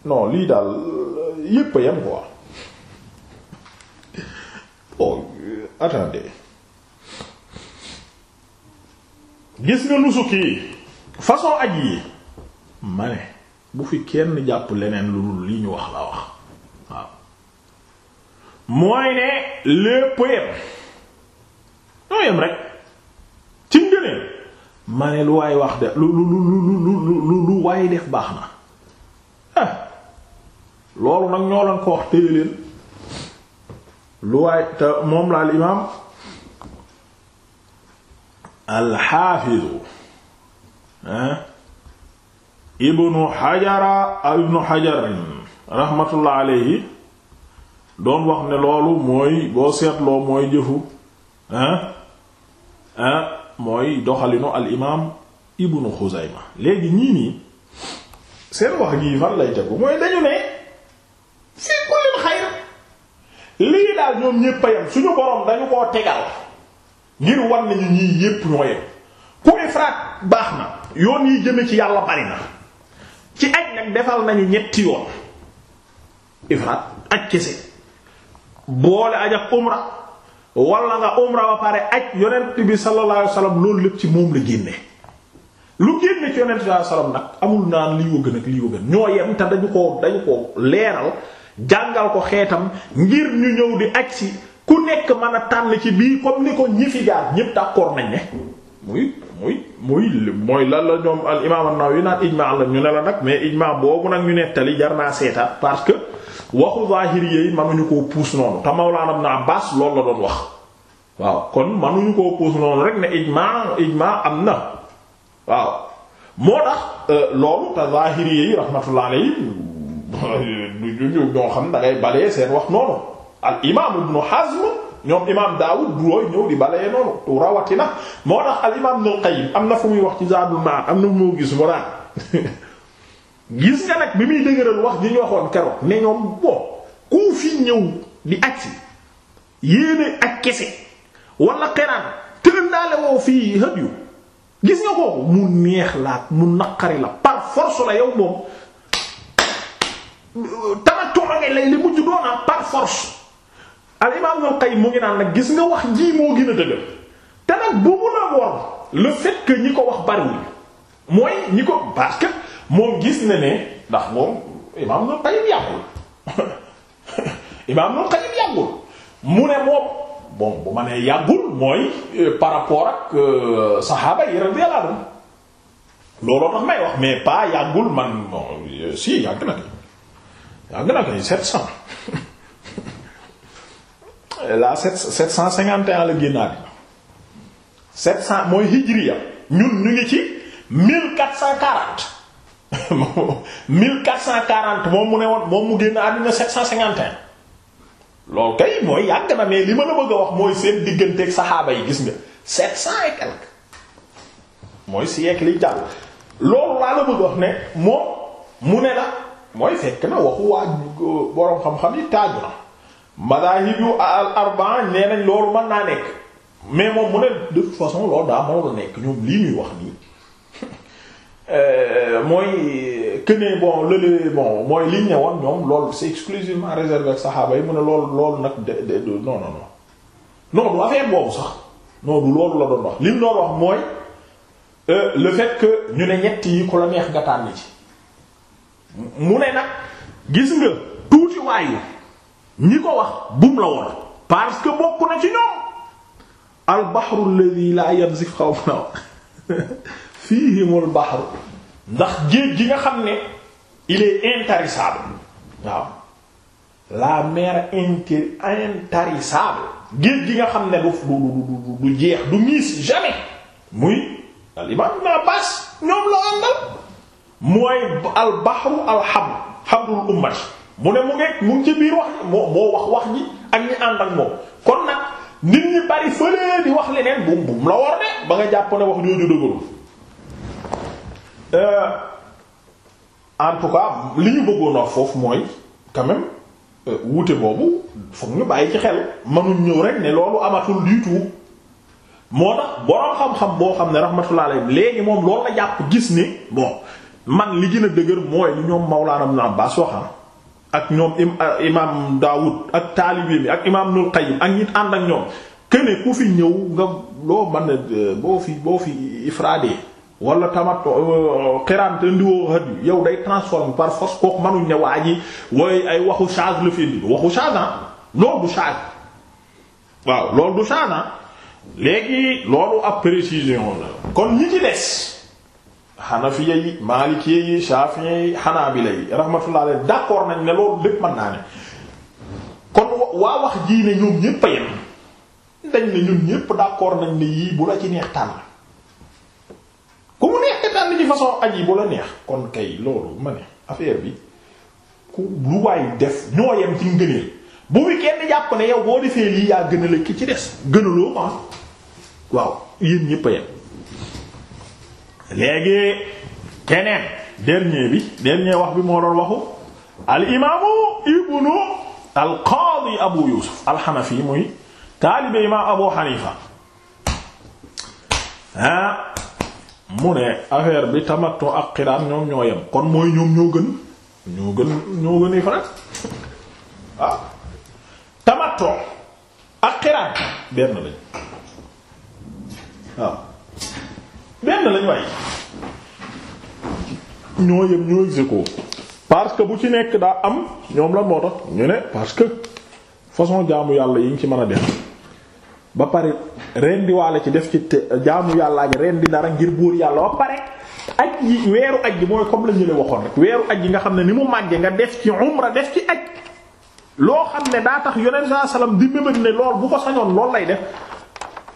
non lii daal yépp a yem quoi bon euh, attendez gis nga nusuk yi façon aj yi ma bu fi kenn jàpp leneen lu dul li ñu wax la wax mooy ne lépp yem ñoo yem rek ci ngëneel ma ne lu waay wax de lu lu lu lu lu waay def baax na ah loolu nag ñoo leen ko wax téye leen lu waay te moom la al imaam alxaafizu ah ibnu xajara ibnu xajarin raxmatullah alayhi doon wax ne loolu mooy boo seetloo mooy jëfu mooy doxalinu al imaam ibnu Xuzayma léegi ñii nii seen wax jii fan lay tegu mooy dañu ne fi kullil xayr lii daal ñoom ñépp a yem suñu borom dañu koo tegal ngir war nañu ñii yépp ñoo yem ku ifraat baax na yoon yi jëme ci yàlla bari na ci aj nag defal nañu ñetti yoon ifraat aj kese boole aj ak umra wala nga umra ba pare aj yonent bi sallallahu alayhi wasallam loolu lépp ci moom la génne lu génne ci yonent bi sallallahu alayhi nag amul naan lii wëgg nag lii wëgg ñoo yem te dañu ko dañu ko leeral jàngal ko xeetam ngir ñu ñëw di aj si ku nekk mën a tànn ci bii comme ni ko ñi fi jaar ñépp d'accord nañ ne muy muy muy mooy lan la ñoom al imam an-Nawawi naan ijma la ñu ne la nag mais ijma boobu nag ñu nettali jar naa seetaat parce que waxu zaahiri yi manuñu koo puus noonu te Mawlaana Abbaas loolu la doon wax waaw kon manuñu koo puus noonu rek ne ijmaa ijmaa am na waaw moo tax euh, loolu te zaahiri yi du ñoo wax noonu al imaam ñoom imaam Daawud du looy ñëw di balee noonu tu rawatina moo tax al imaam Ibn Qayyim am na fu muy wax ci Zaadul Ma'aad am na moo gis mu gis nga nag bi muy dëgëral wax ji ñu waxoon keroog ne ñoom boo ku fi ñëw di agsi yéene ak kese wala xeraan tërën daale woo fii hëb yu gis nga kooku mu neex laat mu naqari la par force la yow moom tama lay li mujj doonaa par force al imam al mu ngi naan nag gis nga wax ji moo gën a dëgër te nag bu mu la woon ñi ko wax bariwul mooy ñi ko parce que moom gis na ne ndax moom imaam Ibnul Qayyim yàggul imaam Ibnul Qayyim yàggul mu ne moom bon bu ma nee yàggul mooy euh, par rapport ak euh, saxaaba yi radiyallahu anhum looloo tax may wax mais pas yàggul man euh, si yàgg na kay yàgg na kay sept cent la sept sept cent cinquante et un la génn àddina sept cent mooy hijriya ñun ñu ngi ci mille quatre cent quarante 1440 moom mu ne woon moom mu génn àddina 751 loolu kay mooy yàgg na mais li ma la bëgg a wax mooy seen digganteeg saxaaba yi gis nga set et quelque mooy siècle yi jàll loolu laa la bëgg wax ne moom mu ne la mooy fekk na waxu waa boroom xam-xam yi taaju na madahib yu al arbaa nee loolu mën naa nekk mais moom mu ne de façon loolu daa mënul a nekk ñoom lii ñuy wax nii Euh, mooy kënee bon lële bon mooy liñ ne woon ñoom loolu c'est exclusivement réservé ak saxaaba yi mu ne lool lool nag de de non non non non du sax non loolu la doon wax li mu wax mooy euh, le fait que ñu ne ñett yi ku la neex nga tànn ci mu ne nag gis nga tuuti waayu ñi ko wax bum la woon parce que bokk na ci ñoom al bahru laa la si xaw ma fiihimul bahru ndax géej gi nga xam ne il est intarissable waaw la mer inti intarissable géej gi nga xam ne du du du jeex du miis jamais muy al imam ibn Abbas ñoom la àndal mooy al bahru al habr habrul ummati mu ne mu ngi mu ngi ci biir wax moo moo wax wax ji ak ñi ànd moom kon nag nit ñi bari fële di wax leneen bum bum la war de ba nga jàpp ne wax jooju dëgëru Euh, en tout cas li ñu bëggoon wax foofu mooy quand même euh, wuute boobu foog ñu bàyyi ci xel mënuñ ñëw rek ne loolu amatul du moo tax boroom xam-xam boo xam ne rahmatullah alayhi léegi moom loolu la jàpp gis ni bon man li gën a dëgër mooy ñoom Mawlaana Ibn Abbaas waxam ak ñoom euh, imam Daawud ak taalibe mi ak imam Ibnul Qayyim ak ñi ànd ak ñoom kene ku fi ñëw nga loo mën boo fi boo fi ifraade wala tamat euh, xiraan te ndiwoo yow day transforme par force kook mënuñ ne waa ji wooy ay waxu change la fi indi waxu change ah, loolu du change waaw loolu du change ah. léegi loolu ab précision la kon ñi ci des xanafiya yi maalikiya yi shafiya yi xanaabila yi rahmatullah alayhi nañ ne loolu lépp mën naa ne kon waa wax jii ne ñoom ñépp a yem dañ ne ñun ñépp d'accord nañ ne yii bu la ci neex tànn ku mu neex étendre ci façon aj yi bu la neex kon kay loolu ma ne affaire bi ku lu waay def ñoo yem ci ngëneel bu wi kenn jàpp ne yow boo defee lii yaa gënal ki ci des gënaloo ma ah. waaw yéen ñëpp yem léegi keneen dernier bi dernier wax bi moo doon waxu al ibnu al abu yusuf al muy taalibe imaam abu xanifa ah mu ne affaire bi tamattu ak xiraan ñoom ñoo yem kon mooy ñoom ñoo gën ñoo gën ñoo gën ifraat waaw ah. tamattu ak xiraan benn lañ waaw ah. benn lañ waaye ñoo yem ñoo exéco parce que bu ci nekk daa am ñoom la moo tax ñu ne parce que façon jaamu yàlla yi ngi ci mën a def ba pare rendi waale ci def ci jaamu yàllaa ji rendi dara ngir buur yàlla ba pare aj yi weeru aj ji mooy comme la ñu la waxoon rek weeru aj yi nga xam ne ni mu màggee nga def ci umra def ci aj loo xam ne daa tax yonent saa salaam di mébét ne lool bu ko sañoon loolu lay def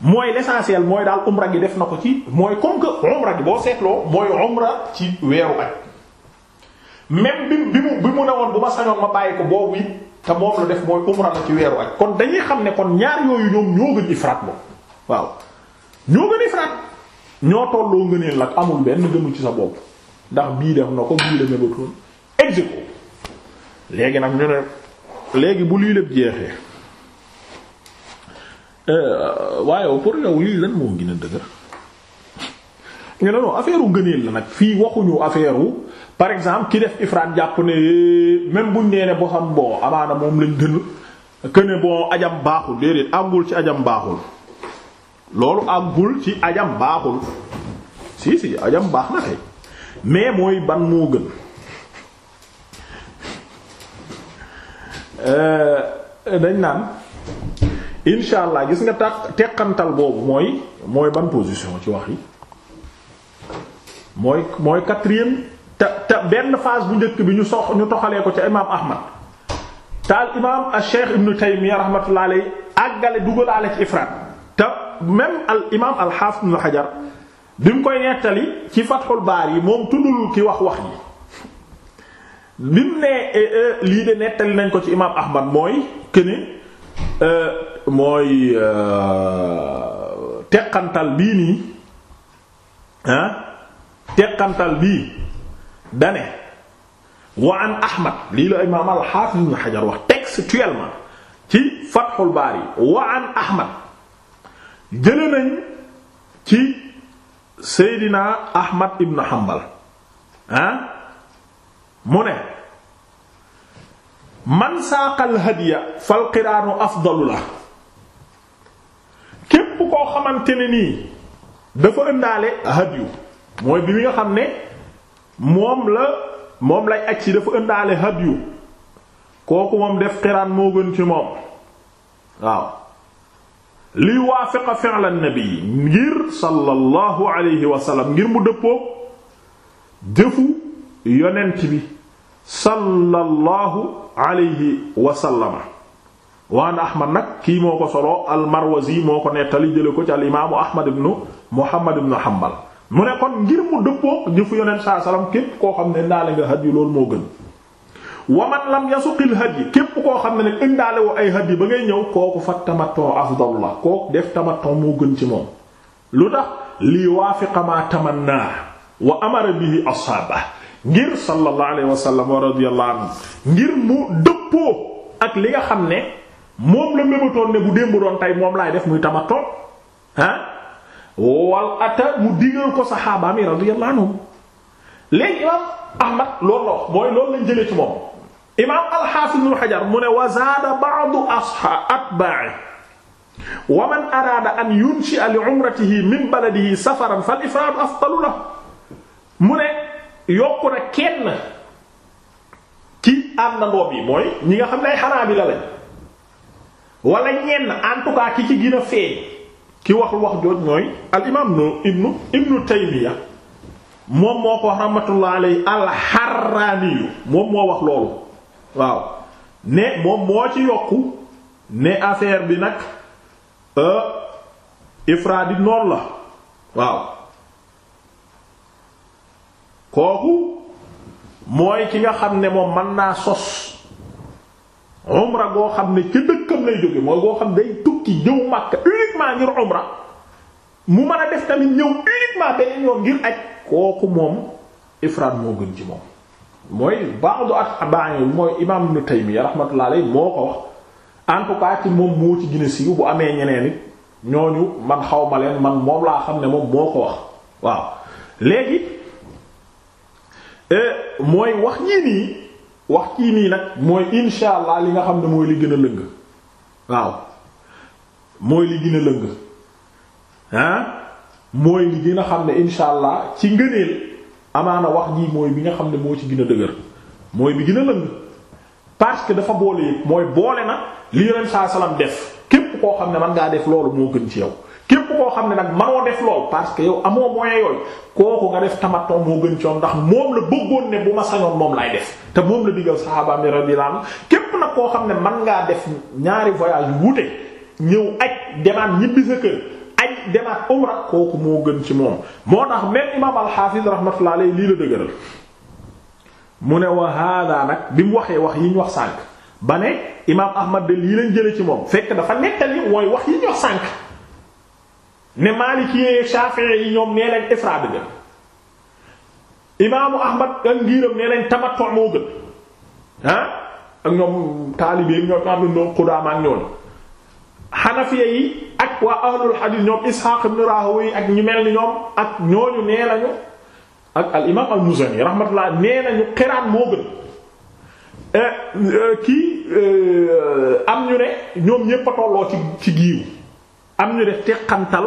mooy l'essentiel mooy daal umra gi def na ko ci mooy comme que umra gi boo seetloo mooy umra ci weeru aj même bi bi mu bi mu ne woon bu ma sañoon ma bàyyi ko boobu it te moom la def mooy umra ci weeru aj kon dañuy xam ne kon ñaar yooyu ñoom ñoo gën ifraat moom waaw ñoo gën ifraat ñoo tolloo ngëneel nag amul benn gënu ci sa bopp ndax bii def na ko bii la mébatoon exéco léegi nag ñu ne léegi bu lii lépp jeexee euh, waaye pour yow lii lan moo gën a dëgër ñu ne non affaire ngëneel la nag fii waxuñu affaire u par exemple ki def ifraat jàpp ne même buñ nee ne boo xam boo amaana moom lañ gën que ne bon ajam baaxul déedéet àggul ci ajam baaxul loolu àggul ci ajam baaxul si si ajam baax na kay mais mooy ban moo gën euh, dañ naan insha allah gis nga tax teqantal boobu mooy mooy ban position ci wax yi mooy mooy quatrième te te benn fas bu njëkk bi ñu sox ñu toxalee ko ca imaam Ahmad te al imaam al Cheikh Ibn Taymiyya rahmatullahi alayhi dugalaale ci ifraat te même al imaam al Hafiz Ibn Hajar bi mu koy nettali ci Fathul Baari yi moom tuddul ki wax wax yi bi mu nee eh, eh, lii de nettali nañ ko ci imaam Ahmad mooy këne eh, mooy teqantal bii nii ah teqantal bii. dane wa an ahmad lii la imaam al-Hafiz ibn Hajar wax textuellement ci Fathul Bari wa an ahmad jële nañ ci Seydina ahmad ibn Hanbal ah mu ne man saaqal hadiya fal qiraanu afdalu la képp koo xamante ne nii dafa ëndaale hadiyu mooy bi nga xam ne moom la moom lay aj si dafa ëndaale hadyu kooku moom def xiraan moo gën ci moom waaw li waafiqa fi'la nabi ngir sallallahu alayhi wa sallam ngir mu dëppoo jëfu yonent bi sallallahu alayhi wa sallama waan ahmad nag kii moo ko solo soloo almarwazi moo ko nettali jële ko ci al imaamu ahmad ibnu muhammad ibnu hanbal mu ne kon ngir mu dëppoo jëfu yonent saa salaam képp koo xam ne indaale nga haj yi loolu moo gën waman lam yasuqil haj yi képp koo xam ne ne indaale woo ay haj yi ba ngay ñëw kooku fat tamatoo afdalu la kooku def tamatoo moo gën ci moom lu tax lii waafiqa ma tamanna wa amara bihi ashaaba ngir sallallahu alayhi wa sallam ngir mu dëppoo ak li nga xam ne moom la mébatoon ne bu démb doon tey moom laay def muy tamatoo ah wal ata mu digal ko saxaabaam yi radiyallahu anhum léegi imaam Ahmad loolu la mooy loolu lañ jëlee ci moom imaam al-Hafiz Ibn Hajar mu ne wa zaada ba'du asha atba'i an yunshi'a li umratihi min baladihi safaran fal ifraad afdalu lahu mu ne yokk na kenn ci àndandoo bi mooy ñi nga xam ne ay Hanaabila lañ wala ñenn en tout cas ki ci gën a ki wax wax jooj mooy al nu ibnu ibnu taymiya moom moo ko wax rahmatullah alayhi al moom moo wax loolu waaw ne moom moo ci yokku ne affaire bi nag euh, ifraadi noonu la waaw kooku mooy ki nga xam ne moom mën naa sos umra goo xam ne ca dëkkam lay jóge mooy goo xam ne day tukki ñëw Makka uniquement ngir umra mu mën a def tamit ñëw uniquement beneen yoon ngir aj kooku moom ifrad moo gën ci moom mooy ba'du atba'i mooy imaam Ibn Taymiyya rahmatullahi alayhi moo ko wax en tout cas ci moom moo ci gën a siiw bu amee ñeneen nit ñooñu man xaw ma leen man moom laa xam ne moom moo ko wax waaw léegi euh, mooy wax ñii nii wax kii nii nag mooy insha allah li nga xam ne mooy li gën a lëng waaw mooy li gën a lëng ah mooy li gën a xam ne insha allah ci ngëneel amaana wax gi mooy bi nga xam ne moo ci gën a dëgër mooy bi gën a lëng parce que dafa boole yëpp mooy boole na li yonent saa salaam def képp koo xam ne man ngaa def loolu moo gën ci yow koo xam ne nag manoo def lool parce que yow amoo moyen yooyu kooku nga def tamaton moo gën ci ndax moom la bëggoon ne bu ma sañoon moom lay def te moom la digal saxaaba mi radiyallahu anhu képp nag koo xam ne man ngaa def ñaari voyage wuute ñëw aj demaat ñibbi sa demaat umra kooku moo gën ci moom moo tax même imaam al-Hafiz rahmatullahi alayhi lii la dëgëral mu ne wa hada nag bi mu waxee wax yi ñu wax sànk ba ne imaam Ahmad de lii lañ jële ci moom fekk dafa nettali mooy wax yi wax sànk ne Maliki yi Shafi'i yi ñoom nee nañ ifraad gën imaamu Ahmad ak ngiiram nee nañ tamattu moo gën ah? ak ñoom taalibe ñoom am na Qudaama ak yi ak ñu mel ni ñoom ak ñooñu nee nañu ak al imaam al Muzani rahmatullah nee nañu qiraan moo gën. Eh, eh, kii eh, am ñu ne ñoom ñépp tolloo ci ci am ñu def teqantal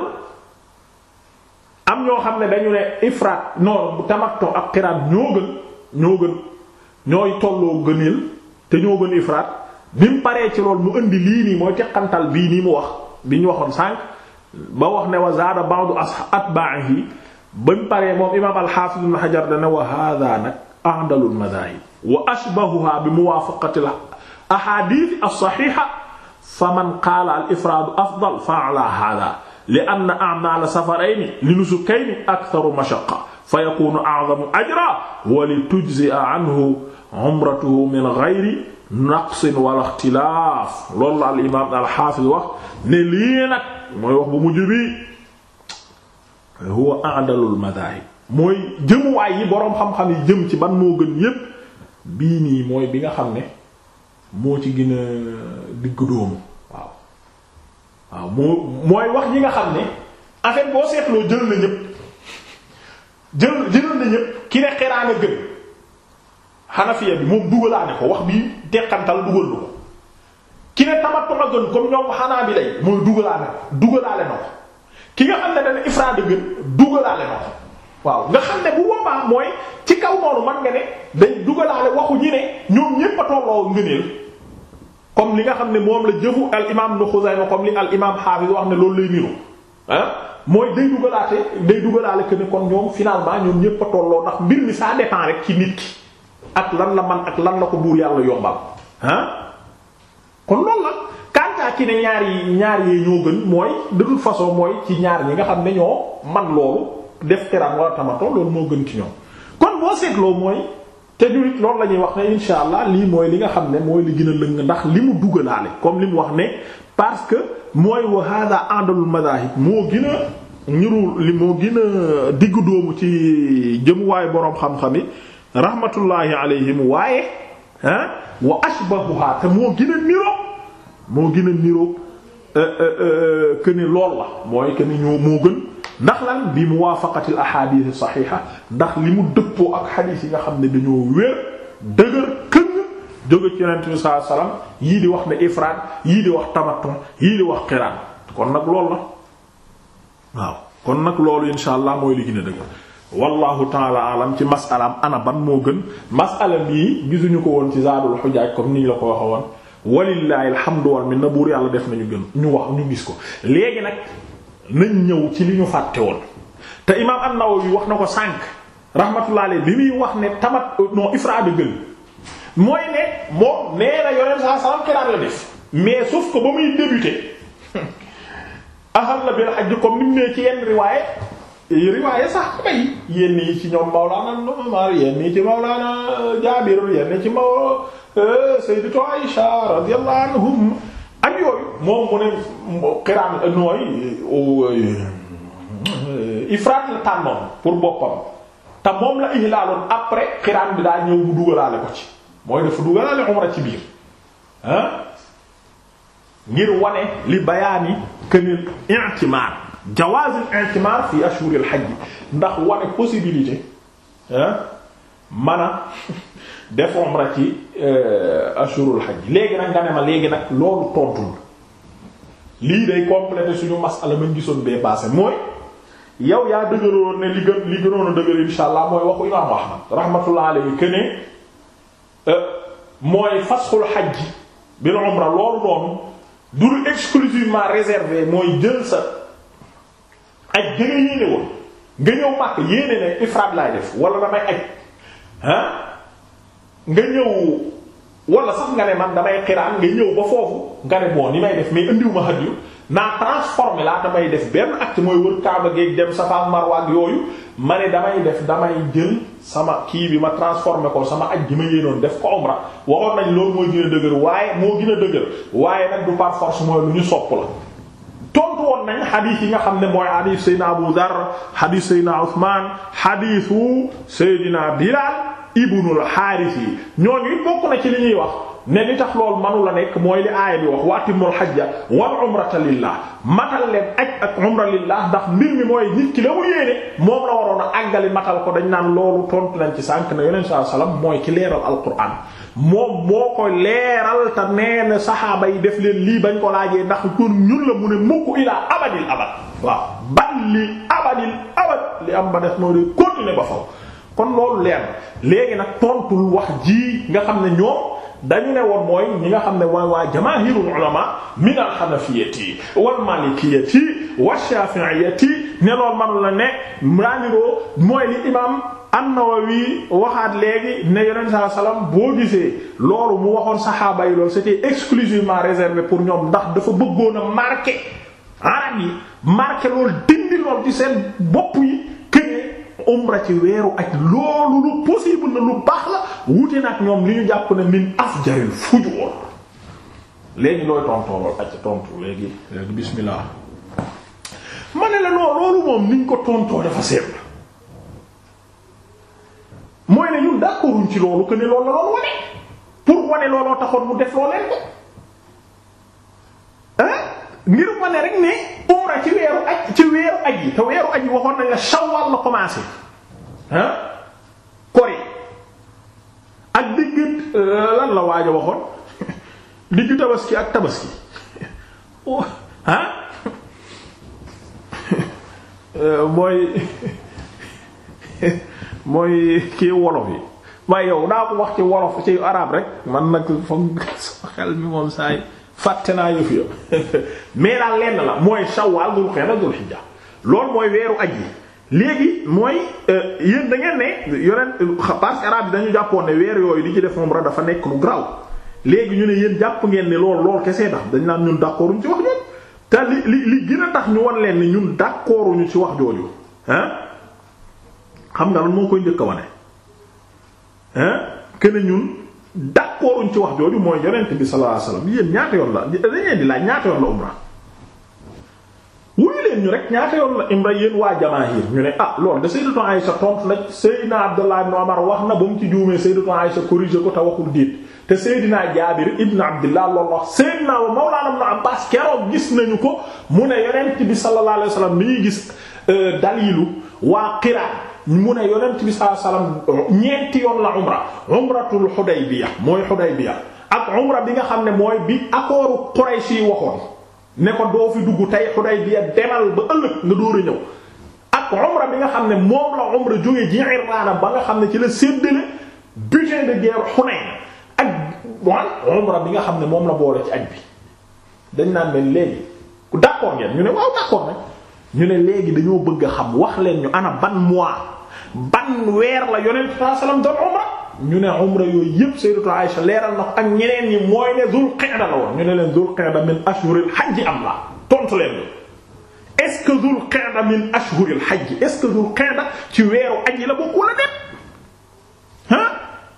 am ñoo xam ne dañu ne ifraat non tamattu ak xiraat ñoo gën ñoo gën ñooy tolloo gëneel te ñoo gën ifraat bi ci lool mu indi lii nii mooy teqantal bii nii mu wax bi ñu waxoon sànq ba wax ne wa zaada ba'du atba'ihi ba mu paree moom imaam al-Hafiz ibn Hajar dana wa hadha nag wa ashbahuha bi muwaafaqati al-ahadith as-sahiha qaala al afdal fa ala hadha li anna a'maala safarayni li nusukayni aktharu mashaqqa fa yakunu a'zamu ajra wa li tujzi'a anhu umratuhu min ghayri naqsin wala ikhtilaaf loolu la al imaam al haafiz wax ne lii nag mooy wax bu mujj bi huwa a'dalul madaahib mooy jëmuwaay yi boroom xam-xam yi jëm ci ban moo gën yépp bii nii mooy bi nga xam ne moo ci gën a digg dóomu waaw moo mooy wax yi nga xam ne en fait boo seetloo jël na ñépp jël jëlal na ñépp ki ne xiraa na gën xanafiya bi moom dugalaane ko wax bi teqantal dugal na ko ki ne tamattu a gën comme ñoom xanaa bi lay mooy dugalaane ko dugalaale na ko ki nga xam ne dana ifraad gën dugalaale na ko waaw nga xam ne bu boobaa mooy ci kaw noonu man nga ne dañ dugalaale waxu ne ñoom ñépp a tolloo ngëneel comme li nga xam ne moom la jëfu al imaam Ibn Xuzayma comme li al imaam wax ne loolu lay niru ah mooy day dugalaate day dugalaale que ne kon ñoom finalement ñoom ñépp a tolloo ndax mbir mi ça dépend rek ci nit ki ak lan la man ak lan la ko buur yàlla yombal ah kon loolu la kantaa ki ne ñaar yi ñaar yee ñoo gën mooy de façon mooy ci ñaar ñi nga xam ne ñoo man loolu def teraan wala tamato loolu moo gën ci ñoom kon boo seetloo mooy te jullit loolu la ñuy wax ne insha allah lii mooy li nga xam ne mooy li gën a lëng ndax li mu dugalaale comme li mu wax ne parce que mooy wa hada andalul madahib moo gën a li moo gën a diggu dóomu ci jëmuwaay boroom xam-xam yi rahmatullahi alayhim waaye ah wa ashbahuha te moo gën niroog moo gën niroog eh, eh, eh, que lool la mooy que ni ñoo moo gën ndax lan bi muwaafaqatil ahadith saxiixa ndax li mu dëppoo ak xadiis yi nga xam ne dañoo wér dëgër këng jóge ci yonent bi sallallahu yii di wax ne ifraad yii di wax tamattu yii di wax qiraan kon nag loolu la waaw kon nag loolu insha allah mooy li gën a dëgër wallahu taala alam ci masalaam ana ban moo gën masala yii gisuñu ko woon ci zaadul xujaaj comme niñ la ko waxe woon walillahi alhamdu wal minna buur yàlla def nañu gën ñu wax ñu gis ko léegi nag nañ ñëw ci li ñu fàtte woon te imaam an-Nawawi wax na ko sànq rahmatullah alayhi li muy wax ne tamat non ifraad gën mooy ne moom nee yoneen saa salaam kiraat la def mais sauf ko ba muy débuter ahalla bil hajj comme nim nee ci yenn riwaaye riwaaye sax bay yenn yi ci ñoom Mawlana Umar yenn yi ci Mawlana Jaabir yenn ci Maw euh, Sayyidatu Aisha radiyallahu anhum ak yooyu moom mu ne xiraan nooy euh, ifraat la tànnoon pour boppam te moom la ihlaaloon après xiraan bi daa ñëw mu dugalaale ko ci mooy dafa dugalaale umra ci biir ah ngir wane li bayaani kënil i'timar jawaazil i'timar fi ashhuril hajj ndax wane possibilité ah mana def umra ci euh, ashurul hajj léegi nag nga ne ma léegi nag loolu tontul lii day compléter suñu masala mañ gisoon bee passé mooy yow yaa dëgëroon ne li gën li gënoon dëgër insha allah mooy waxu imaamu ahmad rahmatullah alayhi que ne euh, mooy fasxul xaj bil umra loolu noonu dul exclusivement réservé mooy jël sa aj ga nga yéene woon nga ñëw màkk yéene ne ifraad laay def wala damay aj ah nga ñëw wala sax nga ne man damay xiraan nga ñëw ba foofu nga ne bon ni may def mais indiwuma hadiyu naa transformé laa may def benn acte mooy wër Kaaba géej dem Safa Marwa ak yooyu ma ne damay def damay jël sama kii bi ma transformé ko sama aj gi ma yéenoon def ko umra waxoon nañ loolu mooy gën dëgër waaye moo gën dëgër waaye nag du par force mooy lu ñu sopp la tontu woon nañ xadiis yi nga xam ne mooy xadiis Seydina Abu Dar xadiis Seydina ibnul xaaris yi ñooñu it bokk na ci li ñuy wax ne li tax loolu manu la nekk mooy li aaya bi wax wa atimul hajja wal umrata lillah matal leen aj ak umra lillah ndax mbir mi mooy nit ki la mu yéene moom la waroon a àggali matal ko dañ naan loolu tontu nañ ci sànk na yonent sallallahu alayhi wasallam mooy ki leeral alquran moom moo ko leeral te nee na saxaaba yi def leen lii bañ ko laajee ndax kon ñun la mu ne mukk ilaa abadil abad waaw li abadil abad li am ba def moo dee kon loolu leer léegi nag tontul wax ji nga xam ne ñoom dañu ne woon mooy ñi nga xam ne waa jamaa jamaahirul ulama min al hanafiyati wal malikiyati wa shafi'iyati ne loolu manu la ne maaniroo mooy li imam an-Nawawi waxaat léegi ne yonent saa salaam boo gisee loolu mu waxoon saxaaba yi loolu c'était exclusivement réservé pour ñoom ndax dafa bëggoon a marqué arab yi marqué loolu dindi loolu ci seen bopp yi umra ci weeru aj loolu lu possible na lu baax la wuti nag ñoom li ñu jàpp ne min afjaril fujur léegi looy tontoo lool aj tontu léegi léegi bismillah ma ne la non loolu moom niñ ko tontoo dafa seetlu mooy ne ñun d'accorduñ ci loolu que ne loolu la doon wane pour wane looloo taxoon mu def loo leen ko hein ngir ma ne rek ne umra ci weeru aj ci weeru aj yi te weeru aj yi waxoon na la shawwal la commencé ah kori ak digg euh, lan la waajo waxoon diggu tabaski ak tabaski ah mooy mooy kii wolof yi waaye yow daa ko wax ci wolof ci araab rek man nag foog xel mi moom saay fàtte naa yëf ya mais daal lenn la mooy shawwal dul xeeda dul xijja lool mooy weeru aj yi léegi mooy euh, yéen da ngeen ne yoneen euh, parce que arab yi dañu jàppoon ne weer yooyu di ci def moom ra dafa nekk lu graw léegi ñu ne yéen jàpp ngeen ne lool lool kese tax dañ naan ñun d'accord ñu ci wax jooju te li li gën a tax ñu wan leen ni ñun d'accord ñu ci wax jooju ah xam nga lan moo koy njëkk a wane ah que ne ñun. d'accord uñ ci wax jooju mooy yonent bi sallallahu alayhi wasallam yéen ñaata yoon la dañee di laaj ñaata rek ñaata yoon la umra yéen waa jamaahir ñu ne ah loolu de sayyidatu Aisha la sayyidina Abdullah ibn Umar wax na ba mu ci juumee sayyidatu Aisha corriger ko te waxul déet te sayyidina Jaabir ibn Abdullah loolu wax sayyidina wa mawlana ibn Abbas keroog gis nañu ko mu ne yonent bi sallallahu alayhi mi ñuy gis euh, dalilu waa qiraan mu ne yonent bi sallallahu alayhi wasallam euh, ñeenti yoon la umra umratul Hudaybiya mooy Hudaybiya ak umra bi nga xam ne mooy bi accordu Quraysh yi waxoon ne ko dugg tey Hudaybiya demal ba ëllëg nga door a ñëw ak umra bi nga xam ne moom la umra jóge Ji'irraana ba nga xam ne ci la séddale butin de guerre Hunayn ak wan umra bi nga xam ne moom la boole ci aj bi dañ naan ne léegi d'accord ngeen ñu ne waaw d'accord nag ñu ne léegi dañoo bëgg a xam wax leen ñu ana ban mois ban weer la yonent saa salaam doon ñu ne umra yooyu yëpp sayyidatu Aisha leeral na ko ak ñeneen ñi mooy ne Zul Qa'da la woon ñu ne leen Zul Qa'da min ashhuril hajj am la tontu leen est-ce que Zul Qa'da min ashhuril hajj est-ce que Zul Qa'da ci weeru aji la bokk wala déet ah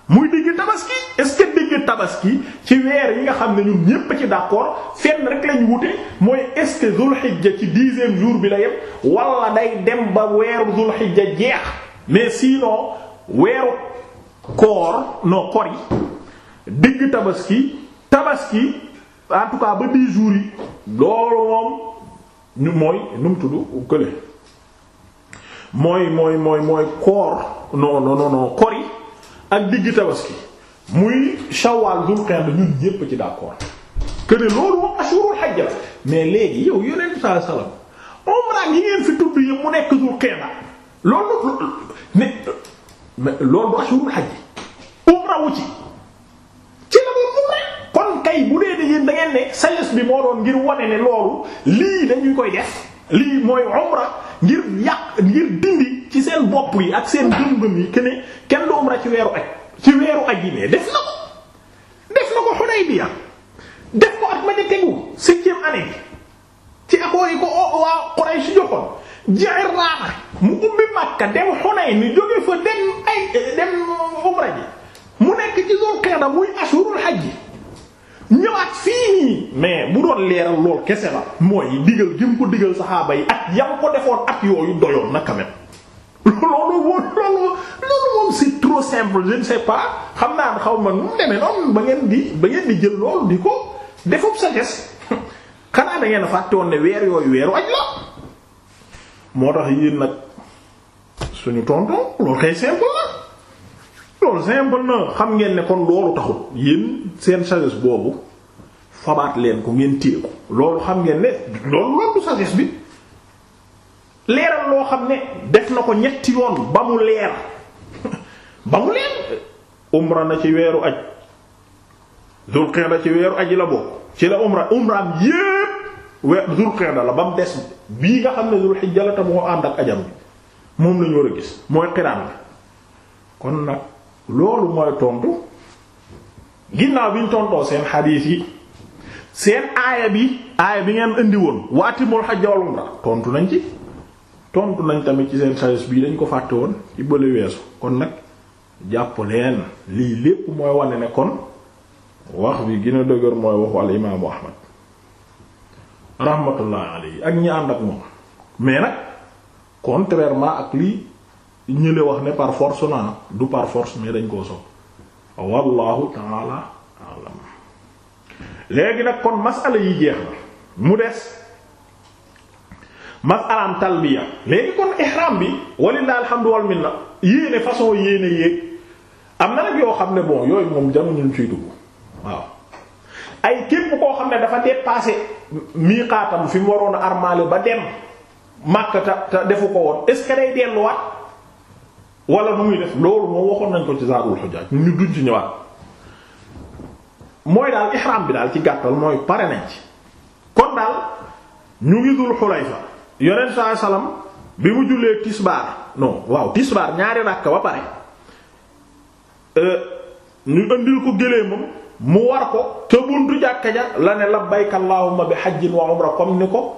muy digg tabaski est-ce que digg tabaski ci weer yi nga xam ne ñun ñépp ci d'accord fenn rek lañ wute mooy est-ce que Zul ci dixième jour bi la yem wala day dem ba weer Zul Hijja jeex. mais sinon weeru koor non kor digg tabaski tabaski en tout cas ba 10 jour yi loolu moom mooy nu mu tudd kële mooy mooy mooy koor non non non non kor ak digg tabaski muy shawwal dul qa'da ñun ñépp ci d'accord que ne loolu moom ashurul hajj la mais léegi yow yonent bi sallallahu alayhi wasallam ngeen fi tudd yi mu nekk dul qa'da loolu mais loolu ashurul hajj umra wu ci ci la moom umra kon kay bu dee yéen da ngeen ne bi moo doon ngir wane ne loolu lii dañuy koy def lii mooy umra ngir yàq ngir dindi ci seen bopp yi ak seen dëmbëm yi kene kenn du umra ci weeru aj ci weeru aj yi mais def na ko def na ko Hudaybiya def ko at ma ne tegu septième année bi ci accord yi ko waa Quraysh joxoon Ji'irraana mu ubbi Makka dem Hunayn jóge fa dem ay dem umra ji mu nekk ci Zul Qa'da muy ashurul hajj ñëwaat fii nii mais bu doon leeral lool kese la mooy digal gi mu ko digal saxaaba yi ak yam ko defoon ak yooyu doyoon na quand loolu moom loolu trop simple je ne pas xam naa xaw ma nu mu demee noonu ba ngeen di ba ngeen di jël loolu di ko defub sagesse xanaa da ngeen a fàtte woon ne weer yooyu weeru aj la. moo tax yéen nag suñu tonton loolu kay simple na loolu simple na xam ngeen ne kon loolu taxul yéen seen sagesse boobu fabaat leen ko ngeen téye loolu xam ngeen ne loolu loolu sagesse bi leeral loo xam ne def na ko ñetti yoon ba mu leer ba mu leer umra na ci weeru aj dul na ci weeru aj la bokk ci la umra umraam yépp we Zul Qa'da la ba mu des bii nga xam ne Zul Hijja la moo ànd ak ajam bi moom lañu war a gis mooy xiraan bi kon nag loolu mooy tontu ginnaaw bi ñu tontoo seen xadiis yi seen aaya bi aaya bi ngeen indi woon wa atimul hajja wal umra tontu nañ ci tontu nañ tamit ci seen xadiis bii dañ ko fàtte woon ci bële weesu kon nag jàpp leen lii lépp mooy wane ne kon wax bi gën a dëgër mooy waxu al imaamu Ahmad rahmatullah alayhi ak ñi ànd ak moom mais nag contrairement ak li ñële wax ne par naa du par mais dañ koo sopp wallahu taala alam léegi nag kon masala yi jeex na mu des masalaam talbiya léegi kon ihram bi walillahi alhamdu wal minna façon yéene yéeg am na nag yoo xam ne bon yooyu moom jamono ñu ciy waaw ay képp koo xam ne dafa dépassé miiqaatam fi mu waroon a armaale ba dem Makka te te defu ko woon est day delluwaat wala nu muy def loolu moom waxoon nañ ko ci Zaadul Hujjaaj ñu duñ ci ñëwaat mooy daal ihraam bi daal ci gàttal mooy pare nañ ci kon daal ñu ngi Dul Xulayfa yonent saa salaam bi mu jullee tisbaar non waaw tisbaar ñaari ràkk ba pare euh, ñu andil ko gëléemam mu war ko ca buntu jàkka ja la ne labbayka allahumma bi hajjin wa umra comme ni ko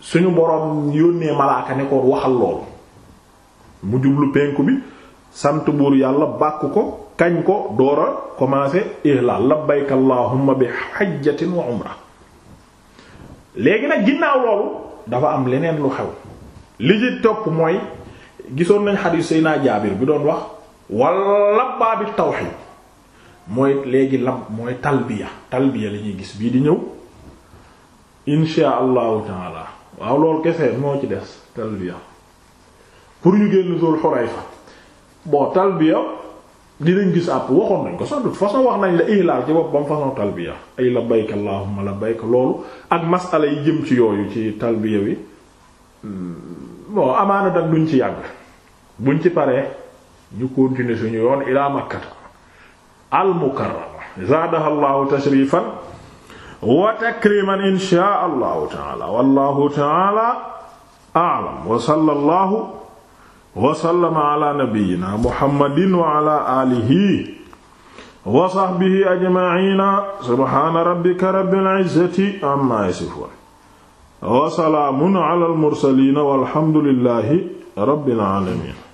suñu boroom yónnee malaaka ne ko waxal loolu mu jublu penku bi sant buur yàlla bàkk ko kañ ko doora a commencer ihlal labbayka allahumma bi hajjatin wa umra léegi nag ginnaaw loolu dafa am leneen lu xew li ci topp mooy gisoon nañ xadiis Seydina Jaabir bi doon wax walla baabi tawxiid mooy léegi lam mooy talbiya talbiya la ñuy gis bii di ñëw insha allahu taala waaw loolu kese moo ci des talbiya pour ñu génn Dul Xulayfa bon talbiya dinañ gis àpp waxoon nañ ko sans doute façon wax nañ la ihlaal ci boppam façon talbiya ay labbayka allahumma labbayka loolu ak masala yi jëm ci yooyu ci talbiya bi hmm, bon amaana dañ duñ ci yàgg buñ ci paree ñu continuer suñu yoon ilaa Makkata almukarrama zaadaha allahu tashrifan wa takriman inshaa allahu taala wallahu taala a'lam wa sallallahu wa sallama ala nabiyyina muhammadin wa ala alihi wa sahbihi ajma'ina subhana rabbika rabbil izzati amma yasifun wa salaamun ala al mursalin walhamdulillahi rabbil alamin